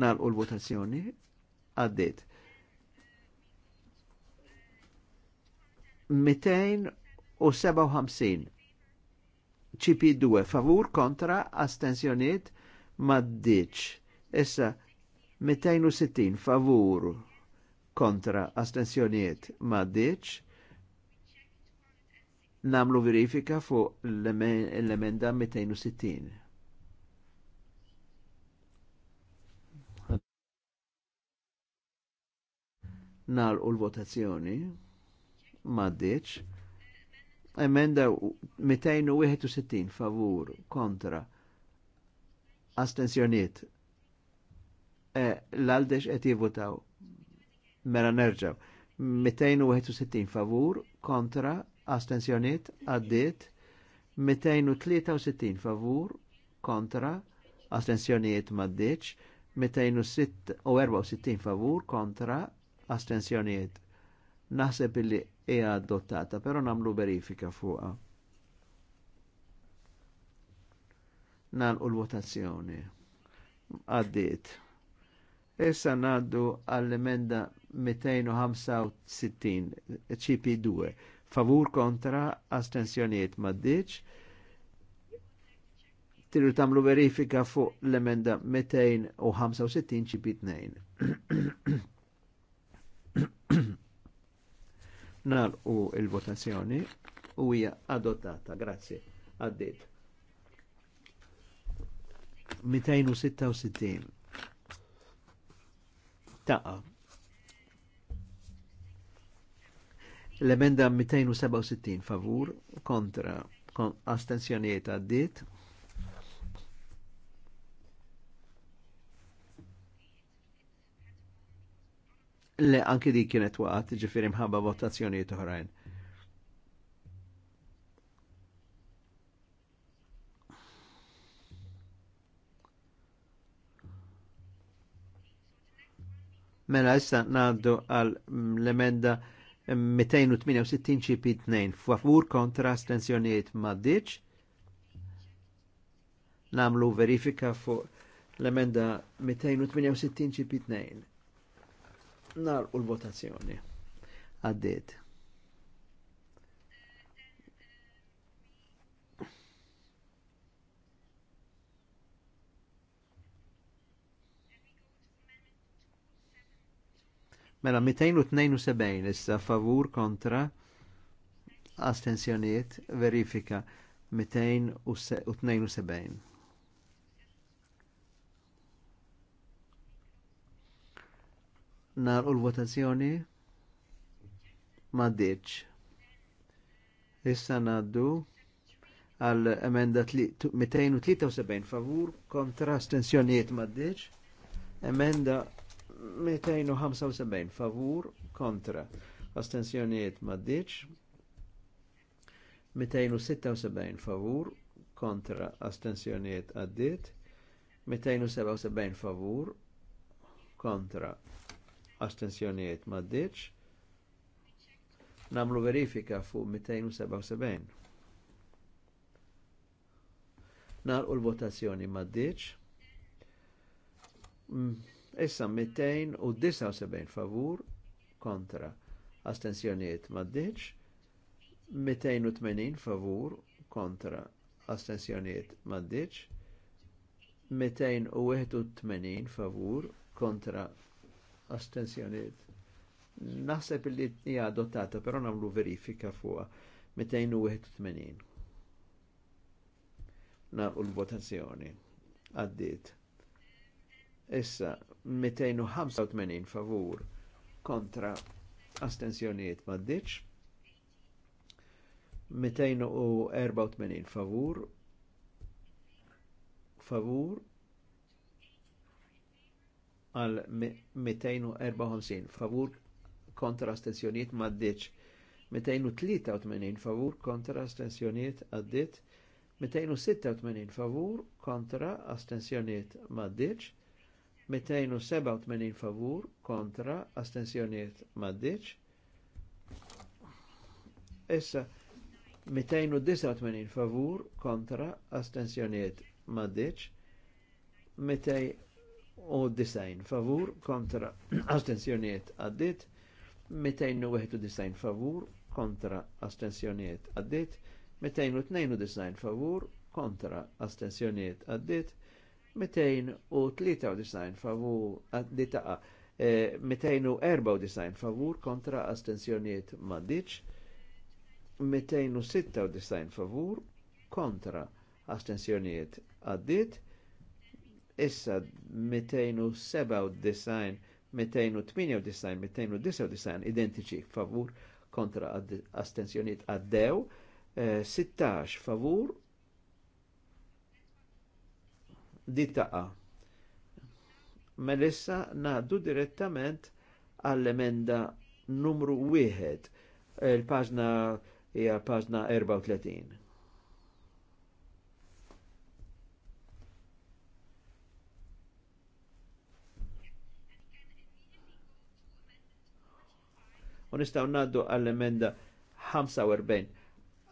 nalqu l-votazzjoni, għaddit. 257 CP2 favur kontra astensjoniet maddiċ. Issa 260 favur kontra astensjoniet maddiċ. Namlu verifika fuq l-emenda 260. nalqu l-votazzjoni maddiċ emenda 261 favur kontra astensjoniet e, l-għaldex qed jivutaw mela nerġaw 261 favur kontra astensjoniet għaddiet 263 favur kontra astensjoniet maddiċ 264 favur kontra astensjonijiet. Naħseb illi hija adottata, però namlu verifika fuqha. u l-votazzjoni. Għaddit. Issa naddu għall-emenda 265 CP2. Favur kontra astensjonijiet maddiċ. Tiru tamlu verifika fuq l-emenda 265 CP2. <clears throat> <coughs> Nar u il-votazzjoni u hija adottata, grazzi, għaddit. 266. Taqa. L-emenda 267 favur kontra kon astensjonijiet għaddit. Le anki di kienet waqt ġifiri mħabba votazzjonijiet oħrajn. Mela issa naddu għal l-emenda 268 ċp2 favur kontra stenzjoniet maddiċ. Namlu verifika fuq l-emenda 268 ċp2. Nar u l-votazzjoni. Għaddit. Mela 272 issa favur kontra astensjoniet verifika 272. nar u l-votazzjoni ma Issa naddu għal emenda 273 favur kontra astensjonijiet ma Emenda 275 favur kontra astensjonijiet ma 276 favur kontra astensjonijiet għaddit. 277 favur kontra astensjonijiet maddiċ. Namlu verifika fuq 277. u l-votazzjoni maddiċ. Mm, issa 279 favur kontra astensjonijiet maddiċ. 280 favur kontra astensjonijiet maddiċ. 281 favur kontra astensjoniet. Naħseb li hija adottata, però nagħmlu verifika fuqha 281. Nagħmlu l-votazzjoni. Għaddiet. Issa 285 favur kontra astensjoniet ma' 284 favur favur għal 254 favur kontra astensjoniet d-deċ. 283 favur kontra astensjoniet għaddit 286 favur kontra astensjoniet d-deċ. 287 favur kontra astensjoniet maddiċ Issa 289 favur kontra astensjoniet d-deċ u disajn favur kontra <clears throat> astensjoniet għaddit, 291 favur kontra astensjoniet għaddit, 292 favur kontra astensjoniet għaddit, 293 favur għaddit taqa, 294 eh, favur kontra astensjoniet maddiċ, 296 favur kontra astensjoniet għaddit, issa 297, 298, 299 identiċi favur kontra astensjonijiet għaddew, 16 eh, favur di taqa. Melissa naħdu direttament għall-emenda numru 1, il-paġna hija paġna 34. u nistaw naddu għall-emenda 45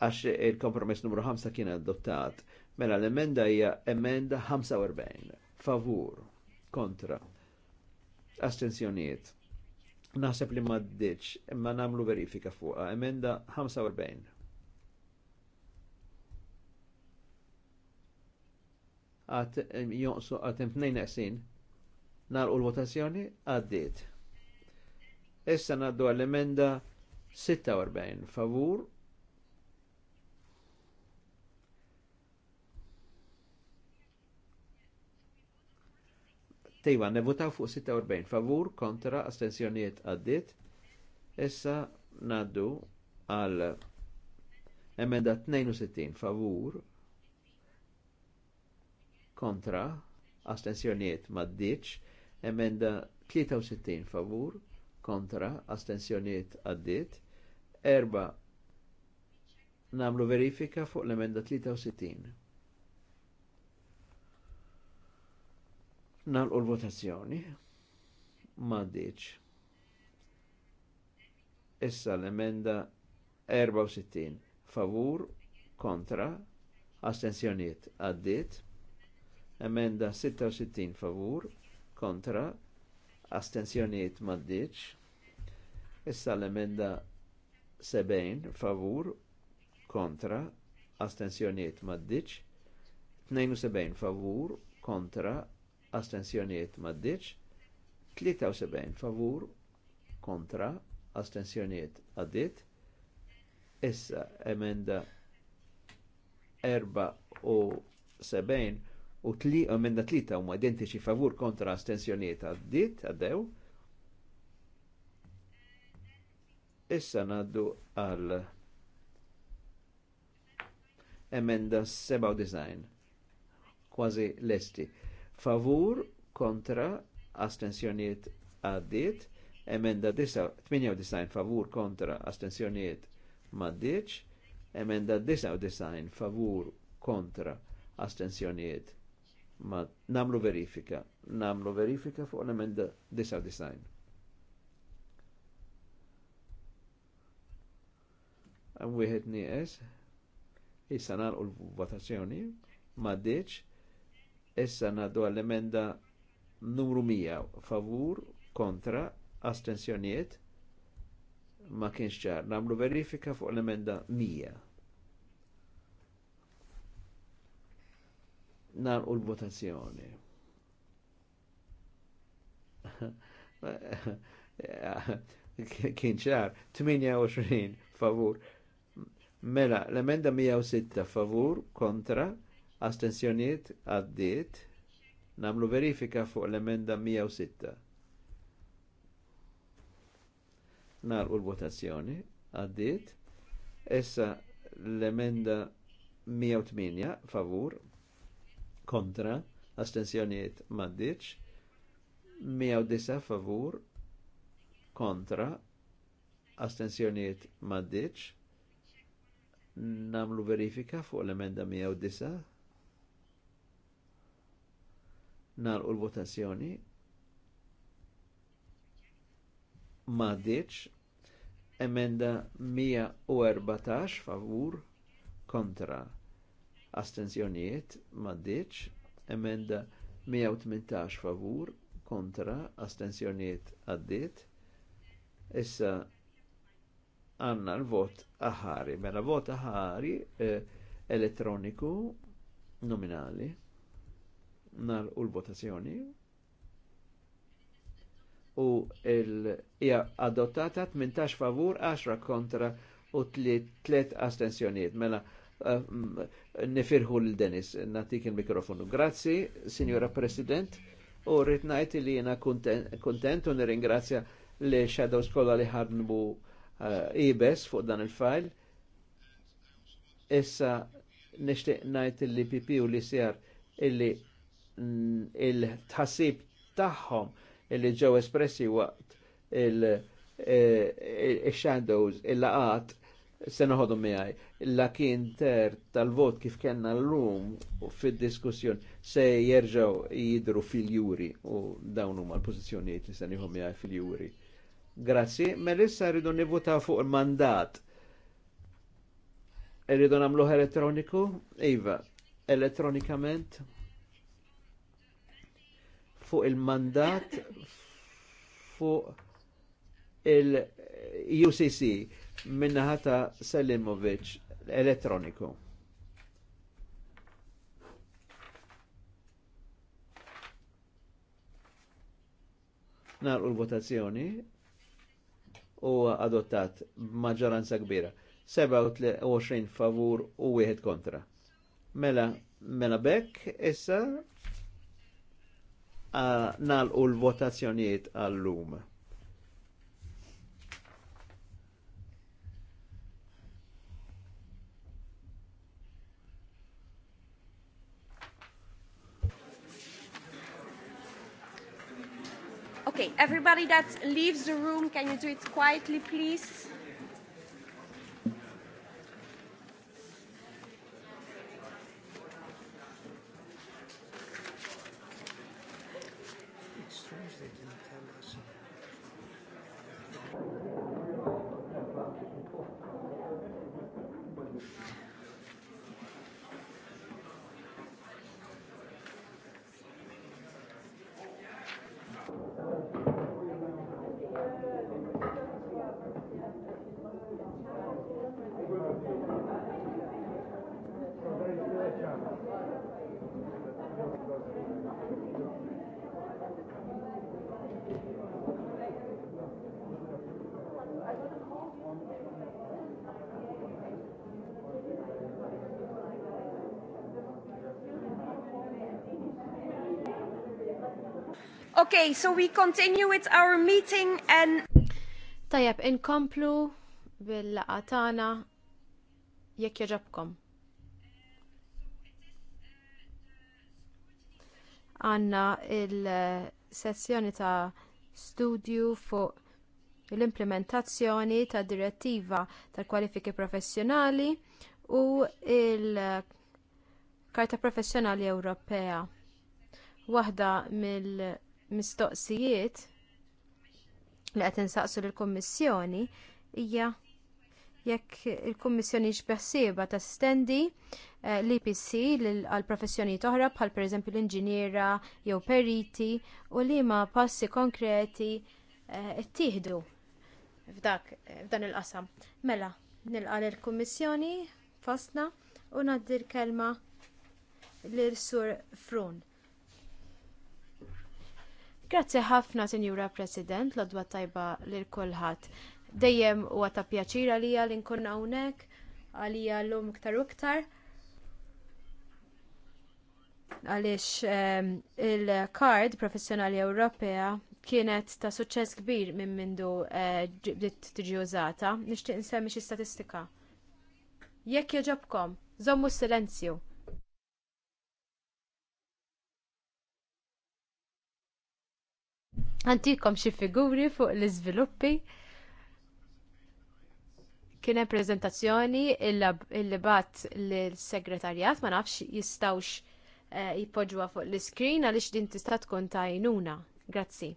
għax il-kompromess numru 5 kien adottat. Mela l-emenda hija emenda 45. Favur, kontra, astensjoniet. Naħseb li maddiċ, imma namlu verifika fuqa. Emenda 45. Għat eh, jonqsu għat imtnejn eh, naqsin. Nalqu l-votazzjoni għaddiet. Issa naddu għall-emenda 46 favur Tejwa, nevotaw fuq 46 favur kontra astensjonijiet għaddit. Issa naddu għal emenda 62 favur kontra astensjoniet maddiċ. Emenda 63 favur kontra, astensjoniet għaddit, erba namlu verifika fuq l-emenda 63. Nalqu l-votazzjoni, maddiċ. Issa l-emenda 64, favur, kontra, astensjoniet għaddit, emenda 66 favur, kontra, astensjoniet maddiċ, Issa l-emenda 70 favur kontra astensjoniet maddiċ, 72 favur kontra astensjoniet maddiċ, 73 favur kontra astensjoniet għaddit, issa emenda 4 u 70 u tli, emenda 3 huma identiċi favur kontra astensjoniet għaddit, għaddew, Issa naddu għal emenda 97. Kważi lesti. Favur kontra astensjoniet għaddit. Emenda 98 favur kontra astensjoniet maddiċ. Emenda 99 favur kontra astensjoniet ma namlu verifika. Namlu verifika fuq l-emenda 99. wieħed nieqes, issa narqu l-votazzjoni, maddiċ, issa naddu għall-emenda numru 100, favur, kontra, astensjoniet, ma kienx ċar, namlu verifika fuq l-emenda 100. Narqu l-votazzjoni. <laughs> kien ċar, 28 favur, Mela, l-emenda 106 favur, kontra, astensjoniet, għaddit. namlu verifika fuq l-emenda 106. u l-votazzjoni, għaddit. essa l-emenda 108 favur, kontra, astensjoniet, maddiċ, 109 favur, kontra, astensjoniet, maddiċ, namlu verifika fuq l-emenda 109 u l-votazzjoni ma ditx emenda 114 favur kontra astenzjonijiet ma ditx emenda 118 favur kontra astenzjonijiet għaddit issa għanna l-vot aħari. Mela vot aħari eh, elettroniku nominali nar u l-votazzjoni u ja, adottata 18 favur, 10 kontra u 3 astensjonijiet. Mela uh, nifirħu l-Denis, natik il-mikrofonu. Grazzi, Signora President, u rritnajti li jena kontent u nirringrazzja li Shadows kolla li ħadnbu Eh, ibes fuq dan il-fajl. Issa nishtiq najt l-IPP u l-ICR illi il-tħassib tagħhom illi ġew espressi waqt il-shadows, eh, il-laqat, se noħodu miħaj, l-lakin ter tal-vot kif kena l-lum fil-diskussjon se jerġaw jidru fil-juri u dawnu mal l-pozizjoniet li se miħaj fil-juri. Grazzi, Melissa rridu nivuta fuq il-mandat. Rridu namluħ elettroniku? Iva, elettronikament fuq il-mandat fuq il-UCC minnaħata Selimovic elettroniku. nar l-votazzjoni u adottat maġġoranza kbira. 27 favur u wieħed kontra. Mela, mela bekk, issa nalqu l-votazzjonijiet għall-lum. Anybody that leaves the room, can you do it quietly, please? Okay, so we continue with our meeting and Tajab, inkomplu bil-laqatana jekk jaġabkom. Għanna il-sessjoni ta' studju fuq l-implementazzjoni ta' direttiva tal-kwalifiki professjonali u il-Karta Professjonali Ewropea waħda mill mistoqsijiet li qed insaqsu lill-Kummissjoni hija jekk il-Kummissjoni x'beħsieba ta' stendi eh, l-IPC għal professjonijiet oħra bħal pereżempju l-inġiniera jew periti u liema passi konkreti eh, ttieħdu f'dak f'dan il-qasam. Mela, nilqa lill-Kummissjoni fostna u ngħaddi l-kelma lil Sur Frun. Grazzi ħafna, Sinjura President, l-odwa tajba lil kulħadd. Dejjem huwa ta' pjaċir għalija li nkun hawnhekk għalija llum iktar u ktar. Għaliex ehm, il-kard professjonali Ewropea kienet ta' suċċess kbir minn mindu eh, bdiet tiġi użata. Nixtieq insemmi xi statistika. Jekk jogħġobkom, żommu s silenzju. Antikom xi figuri fuq l-iżviluppi Kienem prezentazzjoni preżentazzjoni li bat l-segretarjat ma nafx jistawx eh, jipoġwa fuq l-iskrin għaliex din tista' tkun ta' għajnuna. Grazzi.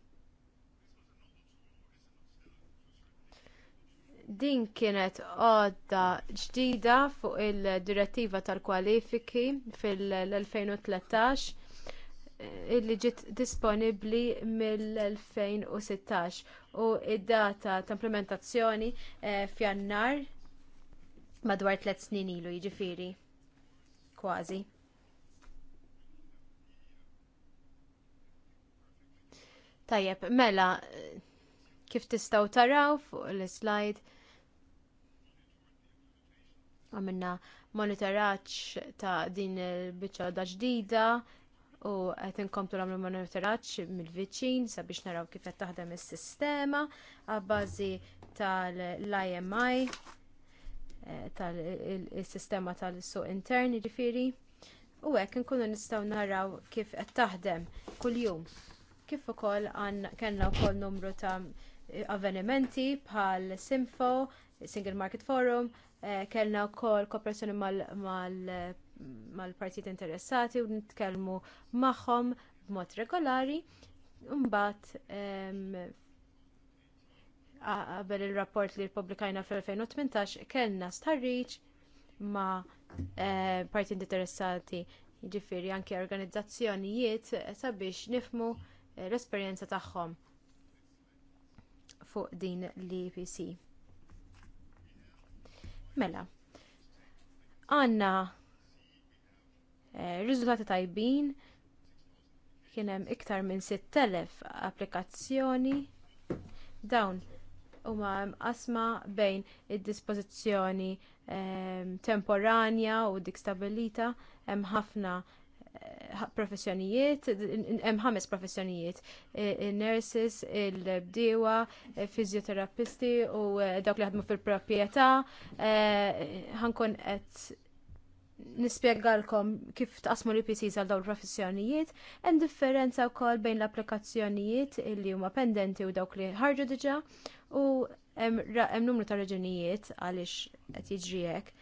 Din kienet għodda ġdida fuq il-direttiva tal-kwalifiki fil-2013 illi ġiet disponibbli mill-2016 u id-data ta' implementazzjoni eh, f'jannar madwar tliet snin ilu jiġifieri kważi. Tajjeb, mela, kif tistgħu taraw fuq l-slide għamilna monitoraġġ ta' din il-biċċa ġdida u qed inkomplu għamlu monitoraċ mill-viċin sabiex naraw kif qed taħdem is-sistema għabbażi tal-IMI eh, tal-sistema tal-suq intern jiġifieri, u hekk inkunu nistgħu naraw kif qed taħdem kuljum. Kif ukoll kellna wkoll numru ta' avvenimenti bħal Simfo, Single Market Forum, eh, kellna wkoll kooperazzjoni mal mal-partijiet interessati u nitkellmu magħhom b'mod regolari. Mbagħad qabel ir rapport li rpubblikajna fl-2018 kellna starriċ ma' eh, partijiet interessati jiġifieri anke organizzazzjonijiet sabiex nifhmu eh, l-esperjenza tagħhom fuq din l-EPC. Mela, għandna Eh, riżultati tajbin kien hemm iktar minn 6000 applikazzjoni dawn huma qasma bejn id-dispożizzjoni ehm, temporanja u dik stabilita hemm ħafna eh, professjonijiet, hemm ħames professjonijiet, nurses, il-bdiewa, eh, fizioterapisti u dawk li ħadmu fil-proprjetà, ħankun qed nispjegalkom kif tqasmu l-IPCs għal dawn professjonijiet, hemm differenza wkoll bejn l-applikazzjonijiet li huma pendenti u dawk li ħarġu diġà u hemm numru ta' raġunijiet għaliex qed jiġri hekk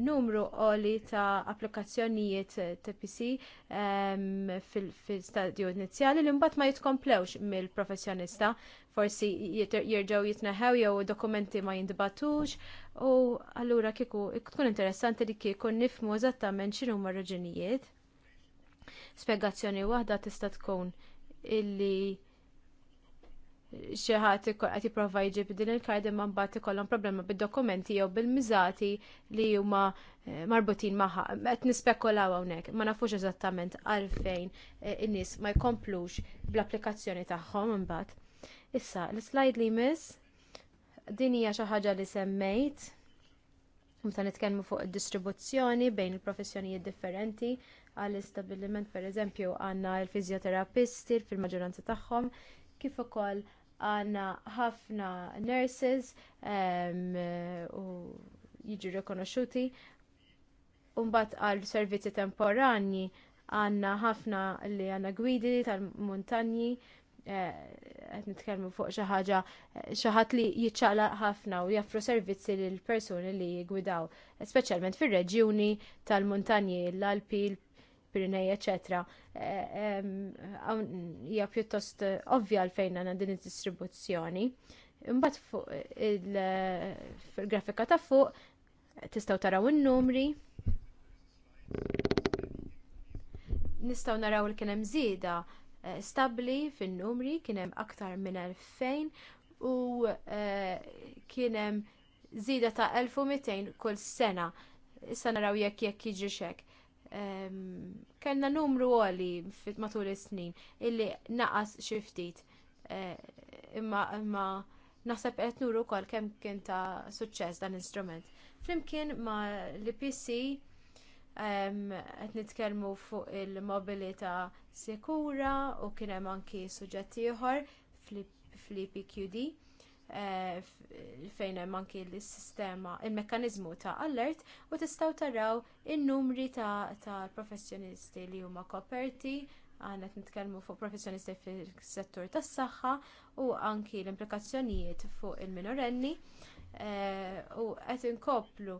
numru għoli ta' applikazzjonijiet TPC ehm, fil-stadju inizjali li mbagħad ma jitkomplewx mill-professjonista forsi jirġaw jitneħew jew dokumenti ma jindbatux u allura kieku tkun interessanti li kieku nifmu eżattament x'inhu ma raġunijiet. Spiegazzjoni waħda tista' tkun illi xi ħadd qed jipprova jġib din il-kard man mbagħad ikollhom problema bid-dokumenti jew bil-miżati li huma eh, marbutin magħha. Qed nispekulaw hawnhekk, ma nafux eżattament għalfejn eh, in-nies ma jkomplux bl-applikazzjoni tagħhom imbagħad. Issa, l-slide li miss din hija xi ħaġa li semmejt meta nitkellmu fuq id-distribuzzjoni bejn il-professjonijiet differenti għall-istabilliment pereżempju għandna l fizioterapisti fil-maġġoranza tagħhom kif ukoll għandna ħafna nurses um, u jiġu rikonoxxuti. Umbat għal servizzi temporanji għandna ħafna li għandna gwidi tal-muntanji qed eh, nitkellmu fuq xi ħaġa eh, xi ħadd li jiċċaqlaq ħafna u jaffru servizzi lill persuni li jgwidaw, speċjalment fir-reġjuni tal-muntanji l-Alpi, Pirinej, eċetera. Eh, hija pjuttost eh, ovvja l fejn din id-distribuzzjoni. Mbatt fuq eh, fil-grafika ta' fuq tistgħu taraw in-numri. Nistgħu naraw li kien hemm stabli stabbli fin-numri, kien hemm aktar minn 2000 u kien hemm ta' 1200 kull sena. Issa naraw jekk jekk jiġi xek kellna numru għoli fit matul is-snin illi naqas xi ftit. E, imma imma naħseb qed nuru wkoll kemm kien ta' suċċess dan l-istrument. Flimkien ma l-PC qed nitkellmu fuq il-mobilità sikura u kien hemm anki suġġett ieħor fl-IPQD. Eh, fejn hemm anki l-sistema, il-mekkaniżmu ta' alert u tistgħu taraw in-numri ta' professjonisti li huma koperti għanna nitkellmu fuq professjonisti fis-settur tas-saħħa u anki l-implikazzjonijiet fuq il-minorenni eh, u qed inkoplu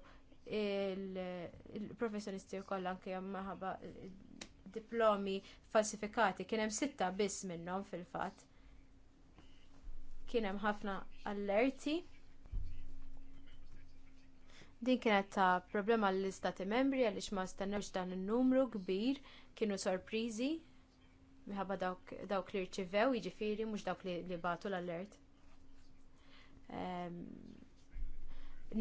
il-professjonisti wkoll anki minħabba eh, diplomi falsifikati kien hemm sitta biss minnhom fil-fatt kien hemm ħafna allerti. Din kienet ta' problema l-istati membri għaliex ma stennewx dan in-numru kbir kienu sorpriżi minħabba dawk, dawk li rċivew, jiġifieri mhux dawk li, li batu l-allert. Um, ehm,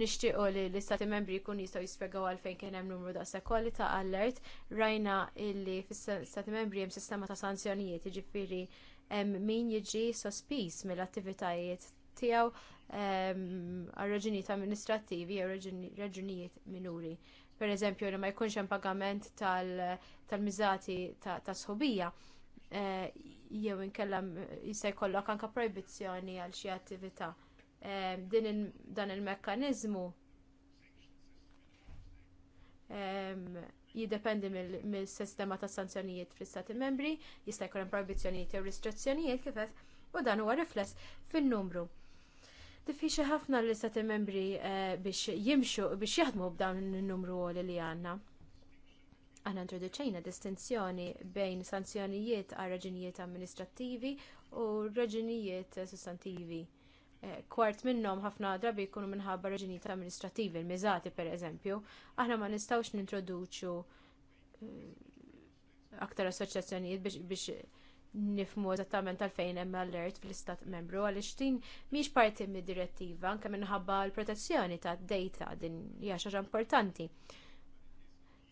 nixtiequ li l-istati membri jkun jistgħu jispjegaw għalfejn kien hemm numru daqsa kolli ta' allert, rajna illi fis-stati membri hemm sistema ta' sanzjonijiet, jiġifieri hemm min jiġi sospiż mill-attivitajiet tiegħu ehm, għal raġunijiet amministrattivi jew raġunijiet minuri. Pereżempju li ma jkunx hemm pagament tal-miżati ta' sħobija eh, jew inkella jista' jkollok anke proibizzjoni għal xi attività. Ehm, din dan il-mekkaniżmu ehm, jiddependi mill-sistema ta' sanzjonijiet fl-istati membri, jista' jkun hemm proibizzjonijiet jew restrizzjonijiet kif u dan huwa rifless fin-numru. Diffiċli ħafna l-istati membri eh, biex jimxu biex jaħdmu b'dawn in-numru li għandna. Aħna introduċejna distinzjoni bejn sanzjonijiet għal raġunijiet amministrattivi u raġunijiet sustantivi. Eh, kwart minnhom ħafna drabi jkunu minħabba raġunijiet amministrativi, il-miżati pereżempju, aħna ma nistgħux nintroduċu eh, aktar assoċjazzjonijiet biex nifmu eżattament għalfejn hemm alert fl-istat membru għaliex din mhix parti mid-direttiva anke minħabba l-protezzjoni tad data din hija xi ħaġa importanti.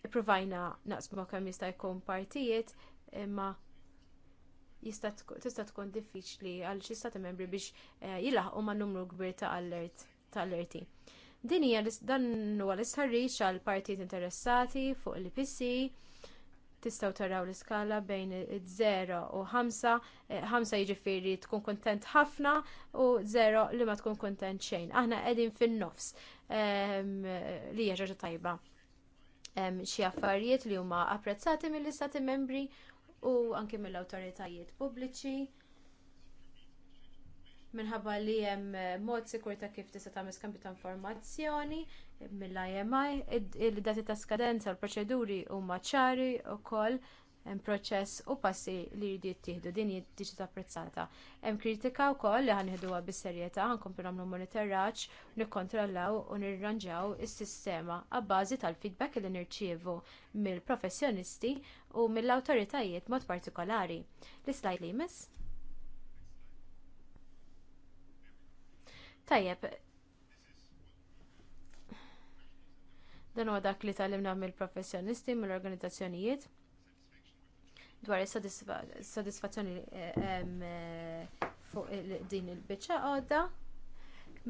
Ipprovajna naqsmu kemm jista' jkun partijiet imma tista' tkun diffiċli għal xi stati membri biex eh, jilaħqu man numru kbir ta' allerti. Din hija dan huwa l-istħarriġ għal partijiet interessati fuq l-IPC tistgħu taraw l-iskala bejn iż-0 u 5, 5 eh, jiġifieri tkun kuntent ħafna u 0 li ma tkun kuntent xejn. Aħna qegħdin fin-nofs ehm, li hija ġoġa tajba xi affarijiet li huma apprezzati mill-istati membri u anke mill awtoritajiet pubbliċi minħabba li hemm mod sikur ta' kif tista' tagħmel skambju ta' informazzjoni mill-IMI, il-dati ta' skadenza u l-proċeduri huma ċari wkoll hemm proċess u passi li jridu jittieħdu din tiġi tapprezzata. Hemm kritika wkoll li ħanieħduha bis-serjetà nkomplu nagħmlu monitoraġġ, nikkontrollaw u nirranġaw is-sistema għabbażi tal-feedback li nirċievu mill-professjonisti u mill-awtoritajiet mod partikolari. L-slide li jmiss? Tajjeb, dan huwa dak li talimna mill-professjonisti mill-organizzazzjonijiet dwar is-sodisfazzjoni eh, eh, fuq din il-biċċa għodda.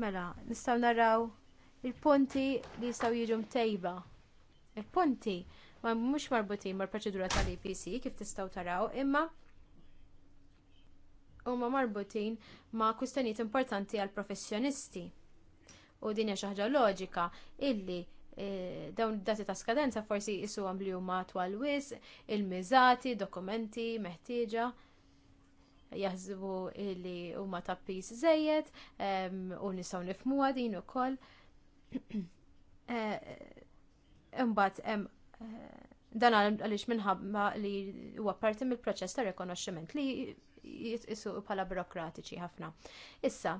Mela, nistgħu naraw il-punti li jistgħu jiġu mtejba. Il-punti ma mhux marbutin mal-proċedura tal-IPC kif tistgħu taraw, imma huma marbutin ma' kwistjonijiet importanti għall professjonisti U din hija xi ħaġa loġika illi Eh, dawn id-dati ta' skadenza forsi jisuhom li huma twal wis, il-miżati, dokumenti, meħtieġa jaħsbu li huma ta' pis żejjed u nistgħu nifhmuha din ukoll. <clears throat> Eh, imbagħad hemm eh, dan għaliex minħabba li huwa parti mill-proċess ta' rikonoxximent li jitqisu bħala burokratiċi ħafna. Issa,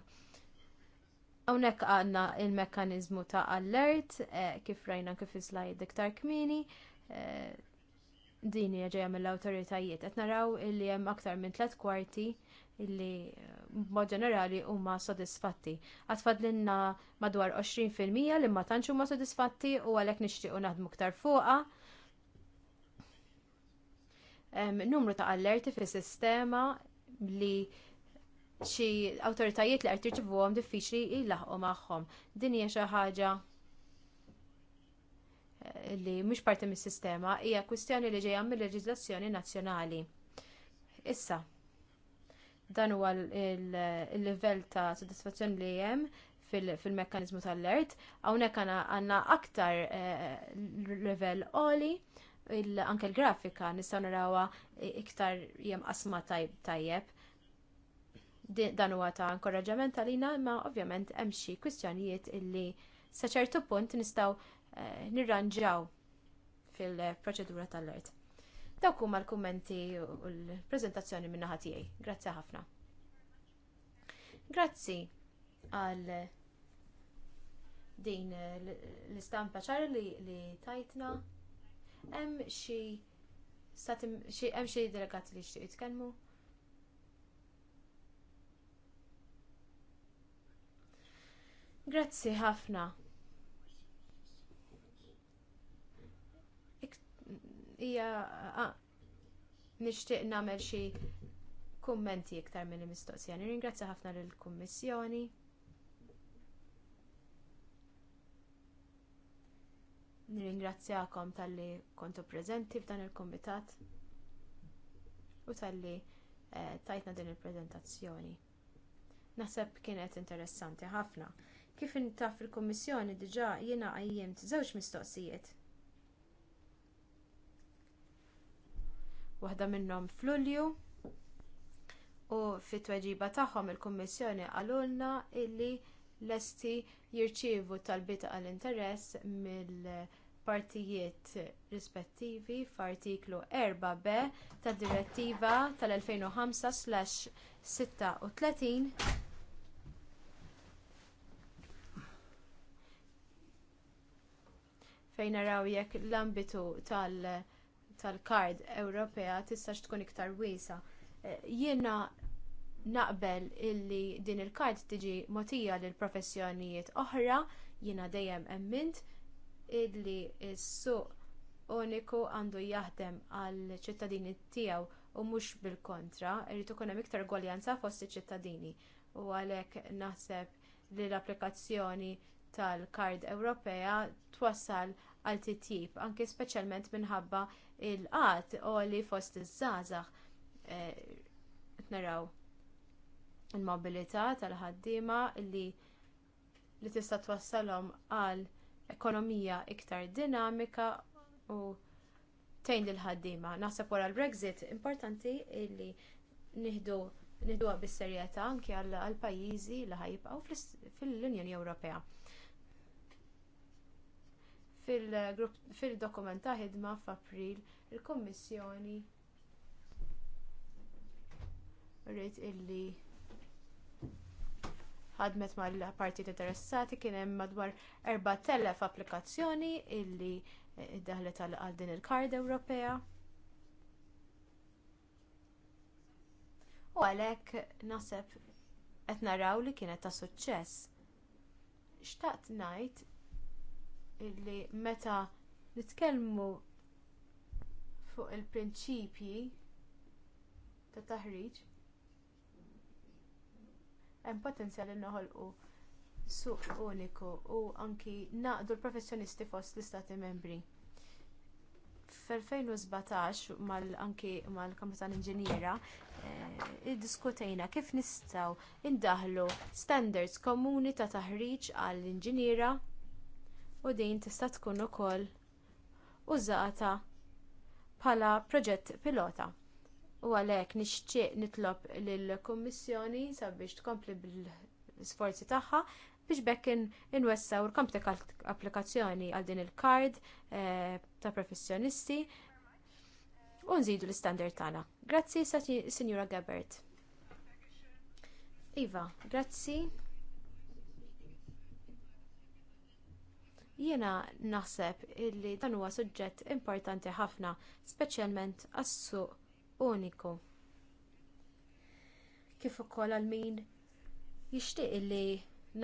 Hawnhekk għandna il-mekkaniżmu ta' alert eh, kif rajna kif islaj iktar kmieni dini eh, din hija ġejja mill-awtoritajiet. Qed naraw illi hemm aktar minn tliet kwarti illi eh, b'mod ġenerali huma sodisfatti. l-inna madwar 20% li ma tantx huma sodisfatti u għalhekk nixtiequ naħdmu aktar fuqha numru ta' allerti fis sistema li xi awtoritajiet li qed tirċivuhom diffiċli jilaħqu magħhom. Din hija xi ħaġa eh, li mhix parti mis-sistema hija kwistjoni li ġejja mill-leġiżlazzjoni nazzjonali. Issa, dan huwa il-livell ta' sodisfazzjoni li hemm fil-mekkanizmu tal lert hawnhekk għandna aktar eh, livell għoli, anke l-grafika nistgħu narawha eh, iktar jem asma tajjeb dan huwa ta' inkoraġġament għalina, imma ovvjament hemm xi kwistjonijiet illi sa ċertu punt nistgħu eh, nirranġaw fil-proċedura tal-art. Dawk huma l-kummenti u l-preżentazzjoni minn naħa tiegħi. Grazzi ħafna. Grazzi għal din l-istampa ċar li, li tajtna. Hemm xi hemm xi delegati li jixtieq jitkellmu? Grazzi ħafna. Ija nixtieq nagħmel xi kummenti iktar minn mistoqsija. Nirringrazzja ħafna lill-Kummissjoni. Nirringrazzjakom talli kontu preżenti f'dan il-kumitat u talli eh, tajtna din il-prezentazzjoni. Naħseb kienet interessanti ħafna. Kif intaf fil kummissjoni diġà jiena qajjimt żewġ mistoqsijiet. Waħda minnhom f'Lulju u fit-tweġiba tagħhom il-Kummissjoni għalulna illi lesti jirċievu talbita għall interess mill-partijiet rispettivi f'artiklu 4b tad direttiva tal-2005/36 fejn naraw jekk l-ambitu tal-kard Ewropea tistax tkun iktar wiesa. Eh, jiena naqbel illi din il-kard tiġi mogħtija lil professjonijiet oħra, jiena dejjem emmint illi s-suq uniku għandu jaħdem għal ċittadini tiegħu u mhux bil-kontra, irrid ikun hemm iktar gwaljanza fost iċ-ċittadini u għalhekk naħseb li l-applikazzjoni tal-Kard Ewropea twassal għal titjib, anke speċjalment minħabba il-qat u li fost iż-żazax eh, naraw il-mobilità tal-ħaddiema li li tista' twassalhom għal ekonomija iktar dinamika u tgħin lil ħaddiema. Naħseb wara l-Brexit importanti li nieħdu nieħduha bis-serjetà anke għall pajjiżi li ħajbqgħu fl-Unjoni Ewropea fil-dokument ta' ħidma f'April il kummissjoni rrid illi ħadmet mal partit interessati kien hemm madwar 4000 applikazzjoni illi ddaħlet għal din il karda Ewropea. U għalhekk naħseb qed naraw li kienet ta' suċċess. Xtaqt ngħid illi meta nitkellmu fuq il-prinċipji ta' taħriġ hemm potenzjal li noħolqu suq uniku u anki naqdu l-professjonisti fost l-istati membri. F-2017 mal-anki mal tal Inġiniera eh, iddiskutejna kif nistgħu indaħlu standards komuni ta' taħriġ għall inġiniera u din tista' tkun ukoll użata bħala proġett pilota. U għalhekk nixtieq nitlob lill-Kummissjoni sabiex tkompli bl-sforzi tagħha biex bekk inwessaw il komptek applikazzjoni għal din il-kard eh, ta' professjonisti u nżidu l-istandard tagħna. Grazzi, Sinjura Gabbert. Iva, grazzi. Jiena naħseb illi dan huwa suġġett importanti ħafna, speċjalment għas-suq uniku. Kif ukoll għal min jixtieq illi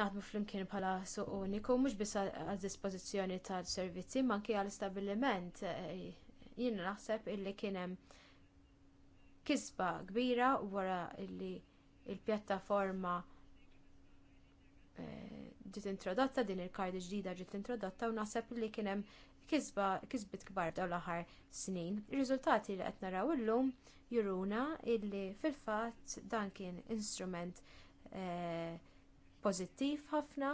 naħdmu flimkien bħala suq uniku mhux biss għad-dispożizzjoni tal-servizzi ma anke għall-istabbiliment. Jiena naħseb illi kien hemm kisba kbira wara illi il-pjattaforma il pjattaforma Eh, ġit introdotta din il-kardi ġdida ġiet introdotta u naħseb li kien hemm kisbit kbar daw l-aħħar snin. Ir-riżultati li qed naraw illum juruna illi fil-fatt dan kien instrument eh, pożittiv ħafna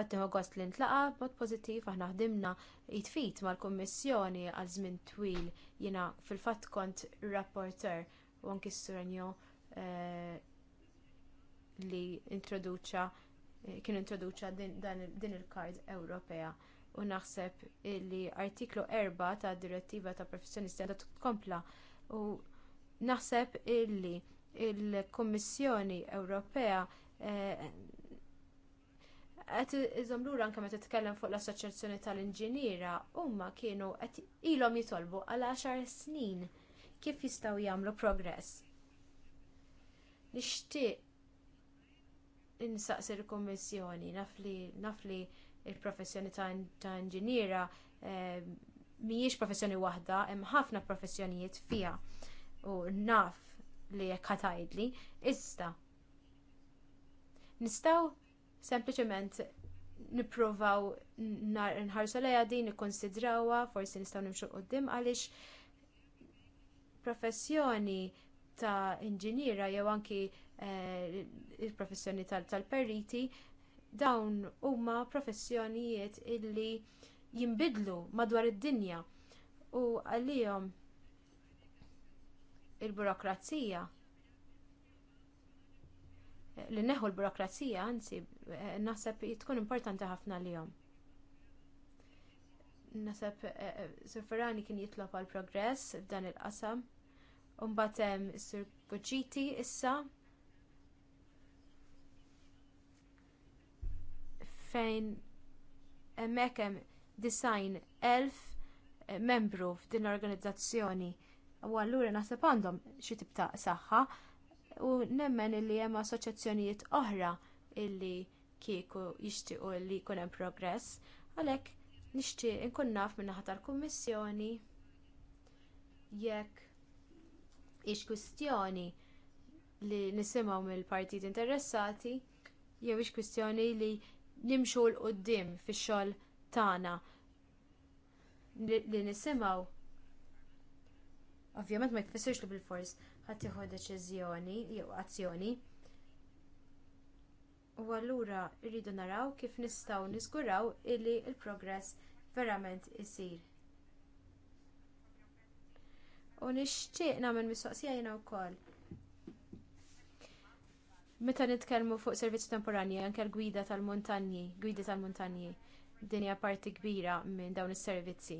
għattiħu għost li ntlaqa b'mod pożittiv aħna ħdimna jitfit mal kummissjoni għal żmien twil jiena fil fatt kont rapporter u anki li introduċa eh, kienu introduċa din il-kard Ewropea u naħseb li artiklu 4 ta' direttiva ta' professjonisti għandha tkompla u naħseb illi il kummissjoni Ewropea eh, qed iżomlura anke meta titkellem fuq l-Assoċjazzjoni tal-Inġiniera huma kienu qed ilhom jitolbu għal 10 snin kif jistgħu jagħmlu progress. Nixtieq insaqsi l-Kommissjoni, naf li l professjoni ta' inġiniera eh, mhijiex professjoni waħda, hemm ħafna professjonijiet fiha u naf li jekk ħatajdli, iżda nistgħu sempliċement nippruvaw nħarsu lejha din nikkonsidrawha, forsi nistgħu nimxu quddiem għaliex professjoni ta' inġiniera jew anki Eh, il-professjoni tal-periti, dawn huma professjonijiet illi jinbidlu madwar id-dinja u għalihom il-burokrazija li neħu l-burokrazija, anzi, eh, naħseb tkun importanti ħafna li jom. Nasab, eh, Sufferani kien jitlob għal progress f'dan il-qasam, un batem Sir Buġiti issa, fejn hemmhekk hemm design elf eh, membru f'din l-organizzazzjoni. U allura naħseb għandhom xi tip ta' saħħa u nemmen illi hemm assoċjazzjonijiet oħra illi kieku jixtiequ li jkun hemm progress, għalhekk nixtieq inkun naf min-naħa tal-Kummissjoni jekk hix kwistjoni li nisimgħu mill-partit interessati jew ix kwistjoni li nimxu l-qoddim fix-xogħol tagħna li nisimgħu ovvjament ma jfissirx li bil-fors ħadd jieħu deċiżjoni jew azzjoni. U allura rridu naraw kif nistgħu niżguraw illi l progress verament isir. U nixtieq nagħmel mistoqsija jiena wkoll Meta nitkellmu fuq servizzi temporanji, anke l-gwida tal-montanji, gwida tal-montanji, din hija parti kbira minn dawn is-servizzi.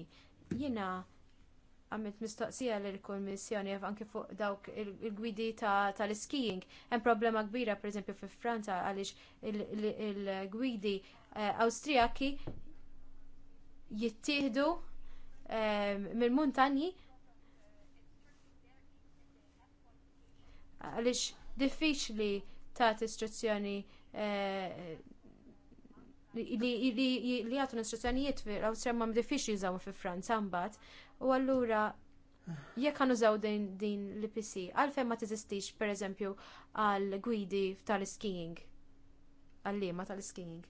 Jiena għamilt mistoqsija lill kummissjoni anke fuq dawk il-gwidi tal-skiing. Hemm problema kbira pereżempju fi Franza għaliex il-gwidi eh, Awstrijaki jittieħdu ehm, mill-muntanji għaliex diffiċli Taħt istruzzjoni eh, li jagħtu istruzzjonijiet fi Awstrija ma diffiċli jużaw fi Franza mbagħad. U allura jekk għan zaw din l-PC, għalfejn ma tiżistix pereżempju għal gwidi tal-skiing, għal-liema tal-skiing.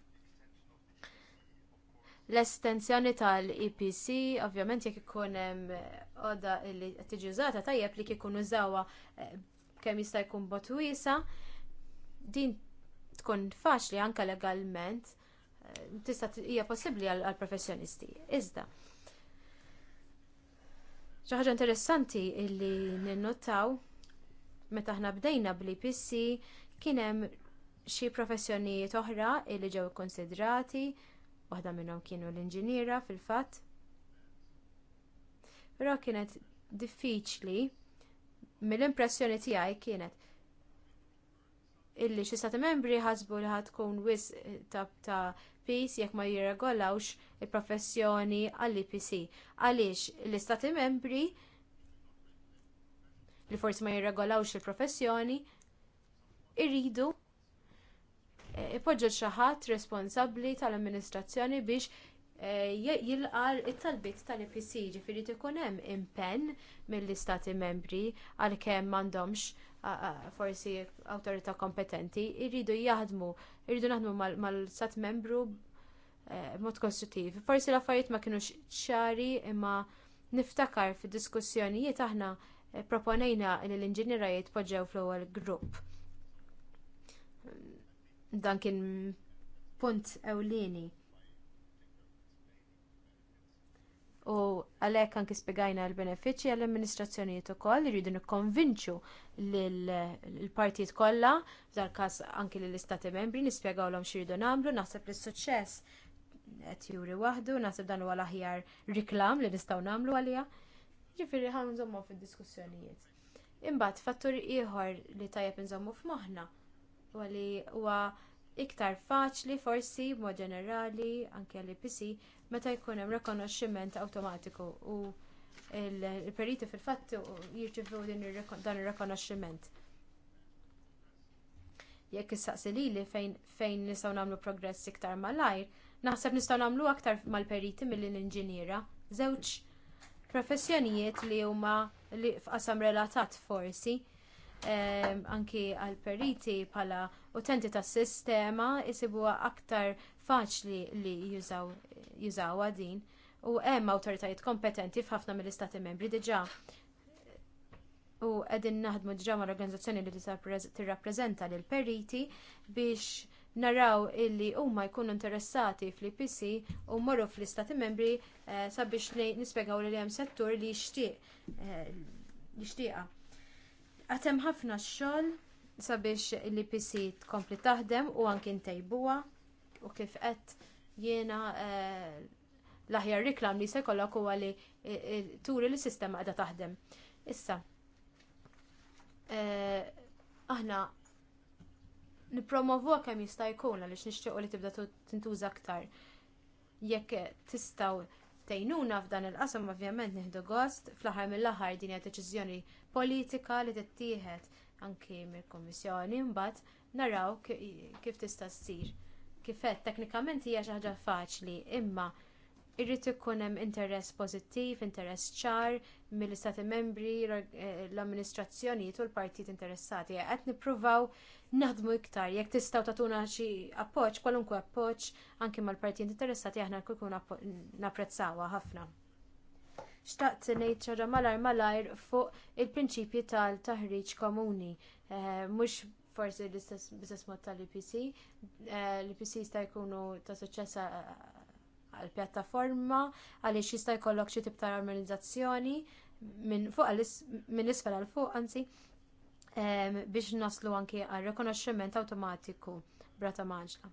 L-estensjoni tal-EPC, ovvjament jekk ikun hemm eh, għoda li tiġi użata tajjeb li kikun użawa eh, kemm jista' jkun bot wiesa' din tkun faċli anke legalment eh, tista' hija possibbli għal professjonisti. Iżda. Xi ħaġa interessanti illi ninnotaw meta aħna bdejna bl-IPC kien hemm xi professjonijiet oħra illi ġew ikkonsidrati, waħda minnhom kienu l-inġiniera fil-fatt. Però kienet diffiċli mill-impressjoni tiegħi kienet illi xi stati membri ħasbu li ħatkun wis eh, tab ta' peace jekk ma jirregolawx il-professjoni għall-IPC. Għaliex l-istati membri li forsi ma jirregolawx il-professjoni irridu eh, ipoġġu xi ħadd responsabbli tal-amministrazzjoni biex eh, jilqal it-talbit tal-IPC ġifiri ikun hemm impenn mill-istati membri għalkemm m'għandhomx forsi awtorità kompetenti, irridu jaħdmu, irridu naħdmu mal-sat membru eh, mod konstruttiv. Forsi l-affarijiet ma kienux ċari imma niftakar fid diskussjonijiet aħna eh, proponejna li l-inġinjera poġġew fl-ewwel grupp. Dan kien punt ewlieni. u għalhekk anki spiegajna l-benefiċċji għall-amministrazzjonijiet ukoll jridu nikkonvinċu lill-partijiet kollha f'dan każ anki lill-istati membri nispjegawlhom x'iridu nagħmlu naħseb li suċċess qed juri waħdu, naħseb dan huwa l-aħjar riklam li nistgħu nagħmlu għaliha. Ġifieri ħan nżommhom fid-diskussjonijiet. Imbagħad fattur ieħor li tajjeb inżommu f'moħħna u li huwa iktar faċli forsi b'mod ġenerali anke l-IPC meta jkun hemm rikonoxximent awtomatiku u l periti fil-fatt jirċivu dan ir-rekonoxximent. Jekk issaqsi fejn fejn nistgħu nagħmlu progress iktar malajr, naħseb nistgħu nagħmlu aktar mal-periti mill-inġiniera, żewġ professjonijiet li huma li f'qasam relatat forsi ehm, anki għal periti bħala utenti tas sistema jisibuha aktar faċli li jużawha din u hemm awtoritajiet kompetenti f'ħafna mill-istati membri diġà. U qegħdin naħdmu diġà mal organizzazzjoni li tirrappreżenta lil periti biex naraw illi huma jkunu interessati fl-IPC u mmorru fl-istati membri eh, sabiex nispjegaw li hemm settur li jixtieq eh, jixtieqa. Għatem ħafna x-xogħol sabiex l-IPC tkompli taħdem u anki ntejbuha u kif qed jiena eh, l-aħjar riklam li se kollok u li eh, eh, turi li sistema għada taħdem. Issa, aħna nipromovu kemm jista' jkun għaliex nixtiequ li tibda tintuża aktar. Jekk tistgħu tejnuna f'dan il-qasam ovvjament nieħdu gost, fl-aħħar mill-aħħar din hija deċiżjoni politika li tittieħed anki mill-Kummissjoni mbagħad naraw kif tista' ssir kifet teknikament hija xi ħaġa faċli, imma irrid ikun hemm interess pożittiv, interess ċar mill-istati membri, eh, l-amministrazzjonijiet u l-partijiet interessati. Qed nippruvaw naħdmu iktar jekk tistgħu tagħtuna xi appoġġ, kwalunkwe appoġġ anke mal-partijiet interessati aħna nkun napprezzawha ħafna xtaqt ngħid ċara malajr malajr fuq il-prinċipji tal-taħriġ komuni. Eh, mhux forsi l-istess mod tal-IPC. Eh, L-IPC e jista' jkunu ta' suċċess eh, għal-pjattaforma għaliex jista' jkollok xi tip ta' armonizzazzjoni minn fuq minn isfel għal fuq anzi ehm, biex naslu anke għal rikonoxximent awtomatiku brata maġla.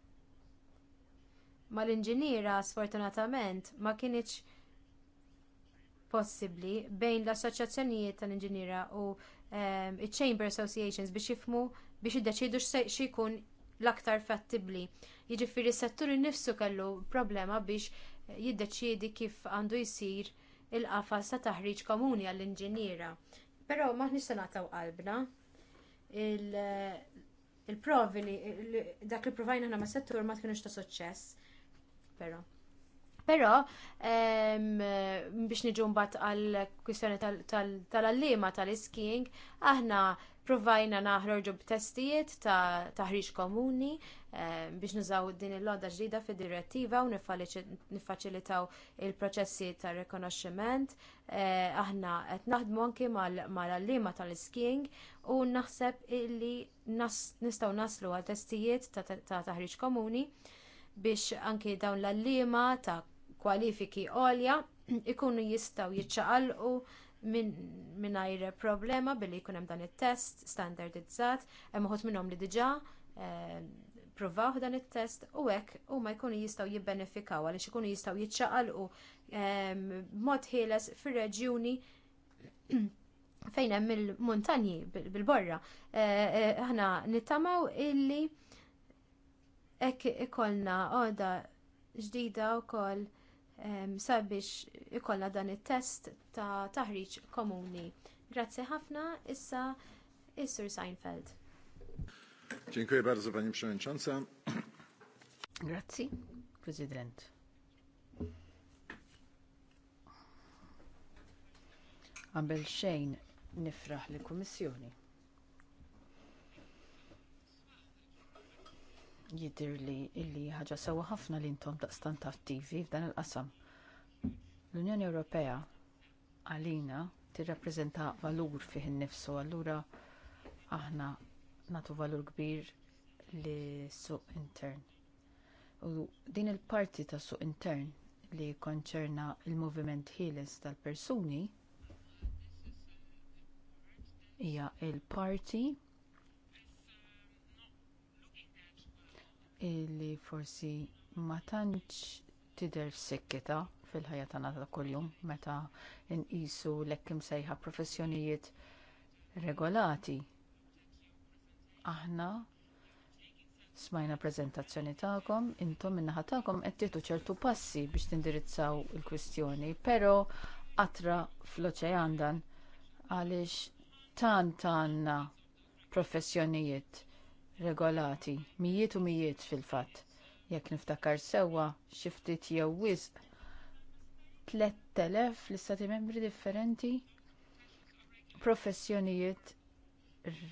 Mal-inġiniera sfortunatament ma kinitx possibbli bejn l-assoċjazzjonijiet tal-inġiniera u ehm, iċ-Chamber Associations biex jifhmu biex jiddeċidu x'ikun l-aktar fattibbli. Jiġifieri s-settur innifsu kellu problema biex jiddeċiedi kif għandu jsir il-qafas ta' taħriġ komuni għall-inġiniera. Però maħniex se nagħtaw qalbna. Il-provi dak li provajna ma' settur ma kinux ta' suċċess. Però. Però ehm, biex niġu mbagħad għal kwistjoni tal-allima tal isking aħna provajna naħroġu b'testijiet ta' taħriġ komuni ehm, biex nużaw din il-loda ġdida fid direttiva u niffaċilitaw il-proċessi ta' rikonoxximent. Eh, aħna qed naħdmu anki mal-allima tal-skiing u naħseb illi nistgħu naslu għal testijiet ta' taħriġ komuni biex anki dawn l-allima ta' kwalifiki għolja <clears throat> ikunu jistgħu jiċċaqalqu mingħajr problema billi jkun hemm dan it-test standardizzat, hemm uħud minnhom li diġà eh, provaw dan it-test u hekk huma jkunu jistgħu jibbenefikaw għaliex ikunu jistgħu jiċċaqalqu ehm, mod ħieles fir-reġjuni <clears throat> fejn hemm il-muntanji bil-borra. Eh, eh, aħna nittamaw illi hekk ikollna għoda ġdida wkoll sabiex ikollha dan it-test ta' taħriġ komuni. Grazzi ħafna, issa is Seinfeld. Dziękuję bardzo Pani Przewodnicząca. Grazzi, President. Għambel xejn nifraħ li komissjoni. Jidhirli li illi ħaġa sewwa ħafna li intom daqstant attivi f'dan il-qasam. L-Unjoni Ewropea għalina tirrappreżenta valur fih innifsu, allura aħna nagħtu valur kbir li suq intern. U din il-parti tas suq intern li konċerna l moviment ħieles tal-persuni hija l parti illi forsi ma tantx tidher f'sikkita fil-ħajja tagħna ta' kuljum meta nqisu lekk hekk imsejħa professjonijiet regolati. Aħna smajna preżentazzjoni tagħkom, intom min-naħa tagħkom qed tieħdu ċertu passi biex tindirizzaw il-kwistjoni, però qatra fl-oċean dan għaliex tant għandna professjonijiet regolati, mijiet u mijiet fil-fatt. Jekk niftakar sewwa xi ftit jew wisq 3000 l-istati membri differenti professjonijiet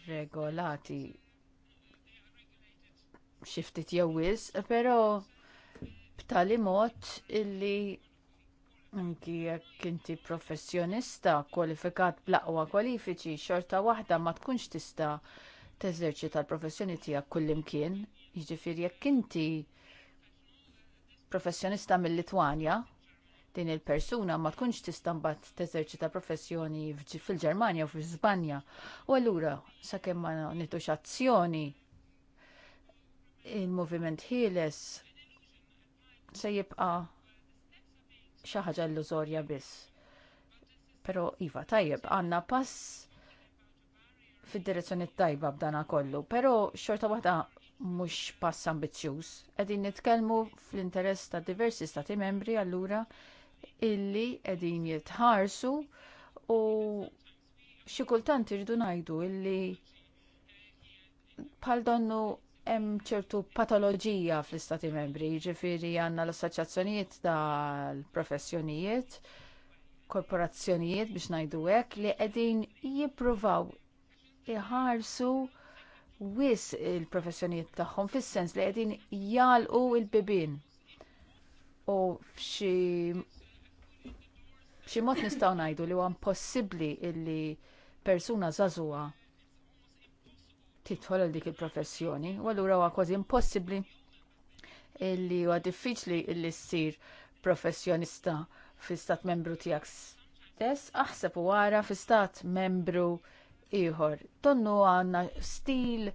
regolati xi ftit jew wisq, però b'tali mod illi Anki jekk inti professjonista kwalifikat bl-aqwa kwalifiċi xorta waħda ma tkunx tista' teżerċita l-professjoni tiegħek kullimkien, jiġifieri jekk inti professjonista mill-Litwanja, din il-persuna ma tkunx tista' mbagħad teżerċita professjoni fil-Ġermanja u fl-Ispanja. U allura sakemm ma nitux azzjoni il-moviment ħieles se jibqa' xi ħaġa illużorja biss. Pero Iva, tajjeb, għanna pass fid-direzzjoni tajba b'dana kollu, però xorta waħda mhux pass ambizjus. Qegħdin nitkellmu fl-interess ta' diversi stati membri allura illi qegħdin jitħarsu u xi kultant irridu ngħidu illi bħal donnu hemm ċertu patoloġija fl-istati membri, jiġifieri għandna l-assoċjazzjonijiet tal-professjonijiet, korporazzjonijiet biex ngħidu hekk li qegħdin jippruvaw iħarsu wis il-professjonijiet tagħhom fis-sens li qegħdin jalqu l-bibien. U f'xi mod nistgħu ngħidu li huwa impossibbli li persuna żagħżugħa tidħol għal dik il-professjoni, u allura huwa kważi impossibbli illi huwa diffiċli li ssir professjonista fi stat membru tiegħek stess, aħseb u wara fi stat membru ieħor. Tonnu għandna stil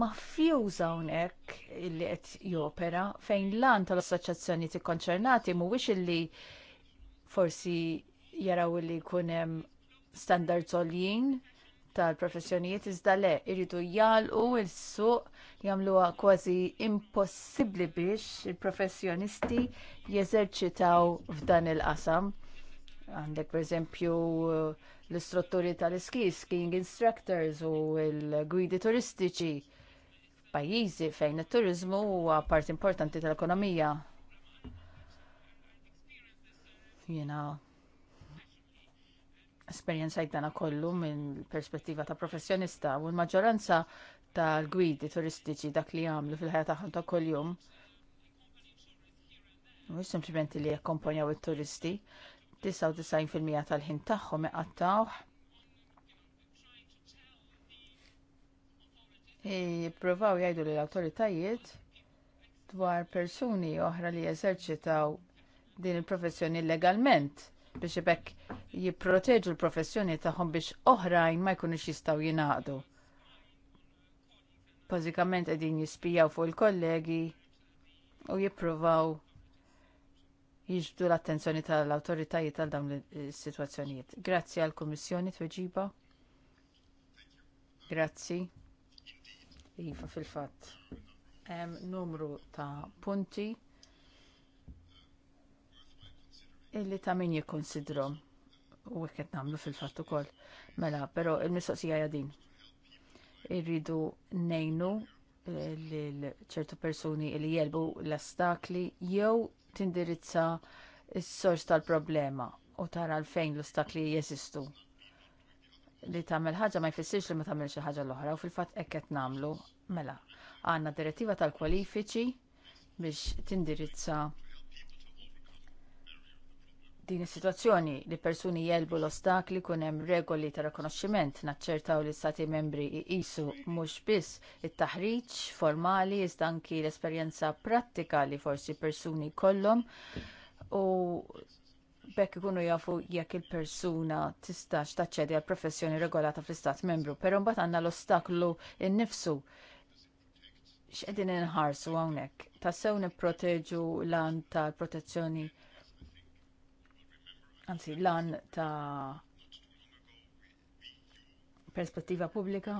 mafjuża hawnhekk li qed jopera fejn lan tal-assoċjazzjoni tikkonċernati mhuwiex illi forsi jaraw li jkun hemm standards għoljin tal-professjonijiet iżda le jridu jgħalqu s suq jagħmluha kważi impossibbli biex il-professjonisti jeżerċitaw f'dan il-qasam. Għandek pereżempju l-istrutturi tal iskis skiing instructors u l-gwidi turistiċi f'pajjiżi fejn it-turizmu huwa part importanti tal-ekonomija. Jiena l-esperjenza dana kollu minn perspettiva ta' professjonista u l-maġġoranza tal-gwidi turistiċi dak li għamlu fil-ħajja tagħhom ta' kuljum. Mhux sempliment li jakkompanjaw it-turisti, 99% tal-ħin tagħhom iqattawh. Jippruvaw jgħidu lill awtoritajiet dwar persuni oħra li jeżerċitaw din il-professjoni legalment biex ibek jipproteġu l-professjoni tagħhom biex oħrajn ma jkunux jistgħu jingħaqdu. Bażikament qegħdin jispijaw fuq il-kollegi u jippruvaw jiġdu l-attenzjoni tal-autoritajiet għal dawn is-sitwazzjonijiet. Grazzi għall kummissjoni tweġiba. Grazzi. Iva fil-fatt. Hemm numru ta' punti illi ta' min jikkonsidrom u qed nagħmlu fil-fatt ukoll. Mela, però il-mistoqsija hija din. Irridu nejnu l ċertu persuni li jelbu l astakli jew tindirizza s-sors tal-problema u tara l-fejn l-ostakli jeżistu. Li tagħmel ħaġa ma jfissirx li ma tamel xi ħaġa l-oħra u fil-fatt hekk namlu nagħmlu mela. Għandna direttiva tal-kwalifiċi biex tindirizza din is-sitwazzjoni li persuni jelbu l-ostakli kun hemm regoli ta' rikonoxximent naċċertaw li stati membri jqisu mhux biss it-taħriġ formali iżda anki l-esperjenza prattika li forsi persuni kollhom u bekk ikunu jafu jekk il-persuna tistax taċċedi għal professjoni regolata fl-istat membru, però mbagħad għandna l-ostaklu innifsu x'qegħdin inħarsu hawnhekk. Tassew nipproteġu l-an tal-protezzjoni anzi lan ta' perspettiva pubblika,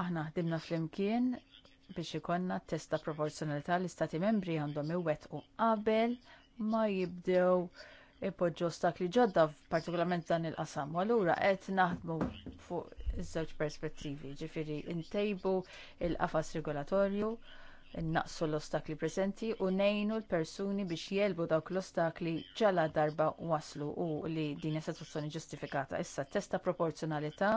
aħna ħdimna flimkien biex ikonna testa proporzjonalità li stati membri għandhom iwettqu qabel ma jibdew ipoġġu ostakli ġodda partikolarment dan il-qasam. U allura qed naħdmu fuq iż-żewġ perspettivi, ġifieri ntejbu il-qafas regolatorju naqsu l-ostakli preżenti u nejnu l-persuni biex jelbu dawk l-ostakli ġala darba waslu u li din istituzzjoni ġustifikata. Issa testa proporzjonalità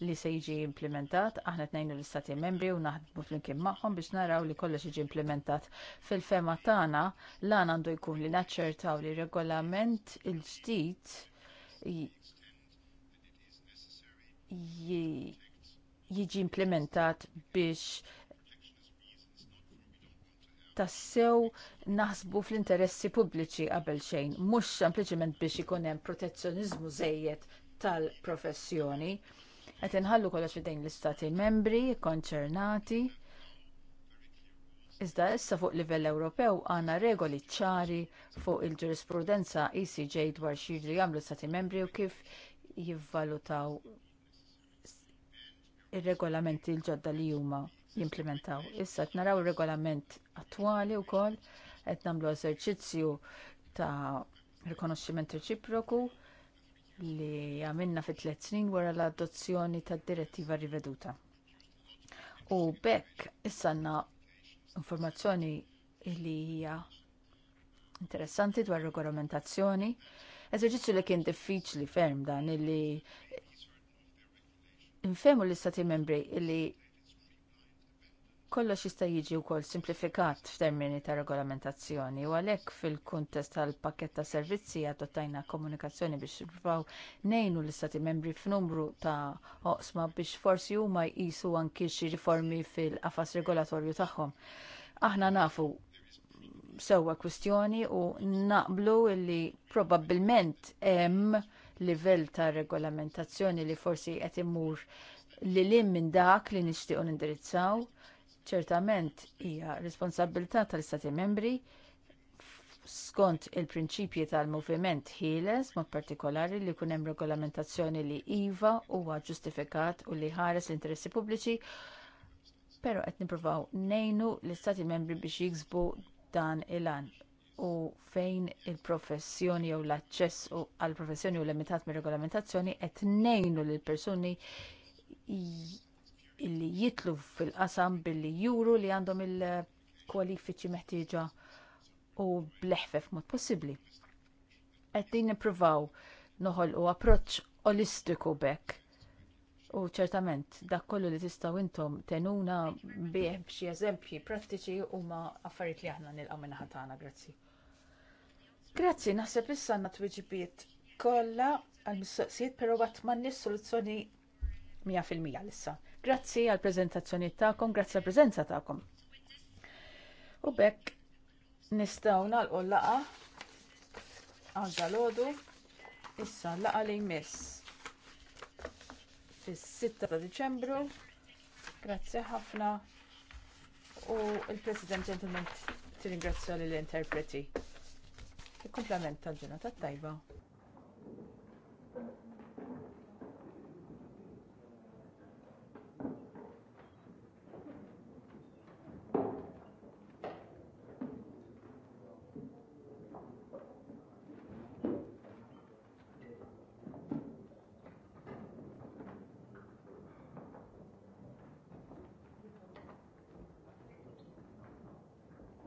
li se jiġi implementat, aħna tnejnu l-istati membri u naħdmu flimkien magħhom biex naraw li kollox jiġi implementat. Fil-fema tagħna lan għandu jkun li naċċertaw li regolament il-ġdid jiġi implementat biex tassew naħsbu fl-interessi pubbliċi qabel xejn, mhux sempliċement biex ikun hemm protezzjonizmu żejjed tal-professjoni. Qed inħallu kollox fidejn l-istati membri konċernati. Iżda issa fuq livell Ewropew għandna regoli ċari fuq il-ġurisprudenza ECJ dwar xiri jagħmlu stati membri u kif jivvalutaw ir-regolamenti l-ġodda li huma jimplementaw. Issa qed naraw ir-regolament attwali wkoll qed nagħmlu eżerċizzju ta' rikonoxximent reċiproku li għamilna fit tliet snin wara l-adozzjoni tad direttiva riveduta. U bekk issa għandna informazzjoni li hija interessanti dwar regolamentazzjoni. Eżerċizzju li kien diffiċli ferm dan illi infemu l-istati membri illi kollox jista' jiġi wkoll simplifikat f'termini ta' regolamentazzjoni u għalhekk fil-kuntest tal-pakket ta' servizzi adottajna komunikazzjoni biex jippruvaw ngħinu l-istati membri f'numru ta' oqsma biex forsi huma jqisu anki xi riformi fil-qafas regolatorju tagħhom. Aħna nafu sewwa kwistjoni u naqblu li probabbilment hemm livell ta' regolamentazzjoni li forsi qed imur li lim minn dak li nixtiequ nindirizzaw ċertament hija responsabilità tal-Istati membri skont il-prinċipji tal-moviment ħieles, mod partikolari li jkun hemm regolamentazzjoni li iva huwa ġustifikat u li ħares l-interessi pubbliċi, però qed nippruvaw nejnu l-Istati membri biex jiksbu dan il-an u fejn il-professjoni jew l-aċċess għall professjoni u limitat mir regolamentazzjoni qed ngħinu lill persuni illi jitlu fil-qasam billi juru li għandhom il-kwalifiċi meħtieġa u bleħfef mod possibbli. niprovaw nippruvaw noħolqu approċċ olistiku bekk. U ċertament, dak kollu li tistaw intom tenuna bih bċi eżempji prattiċi huma affarijiet li aħna nil minn ħatana, grazzi. Grazzi, naħseb issa għandna wġibiet kollha għall mistoqsijiet però għatman nis soluzzjoni 100% l-issa. Grazzi għal prezentazzjoni ta'kom, grazzi għal prezenza ta'kom. U bekk nistaw nalqu laqa għal l-ħodu, issa laqa li jmiss fis-6 ta' Diċembru. Grazzi ħafna u l president Gentleman li lill interpreti Il-komplement tal ġenata tajba.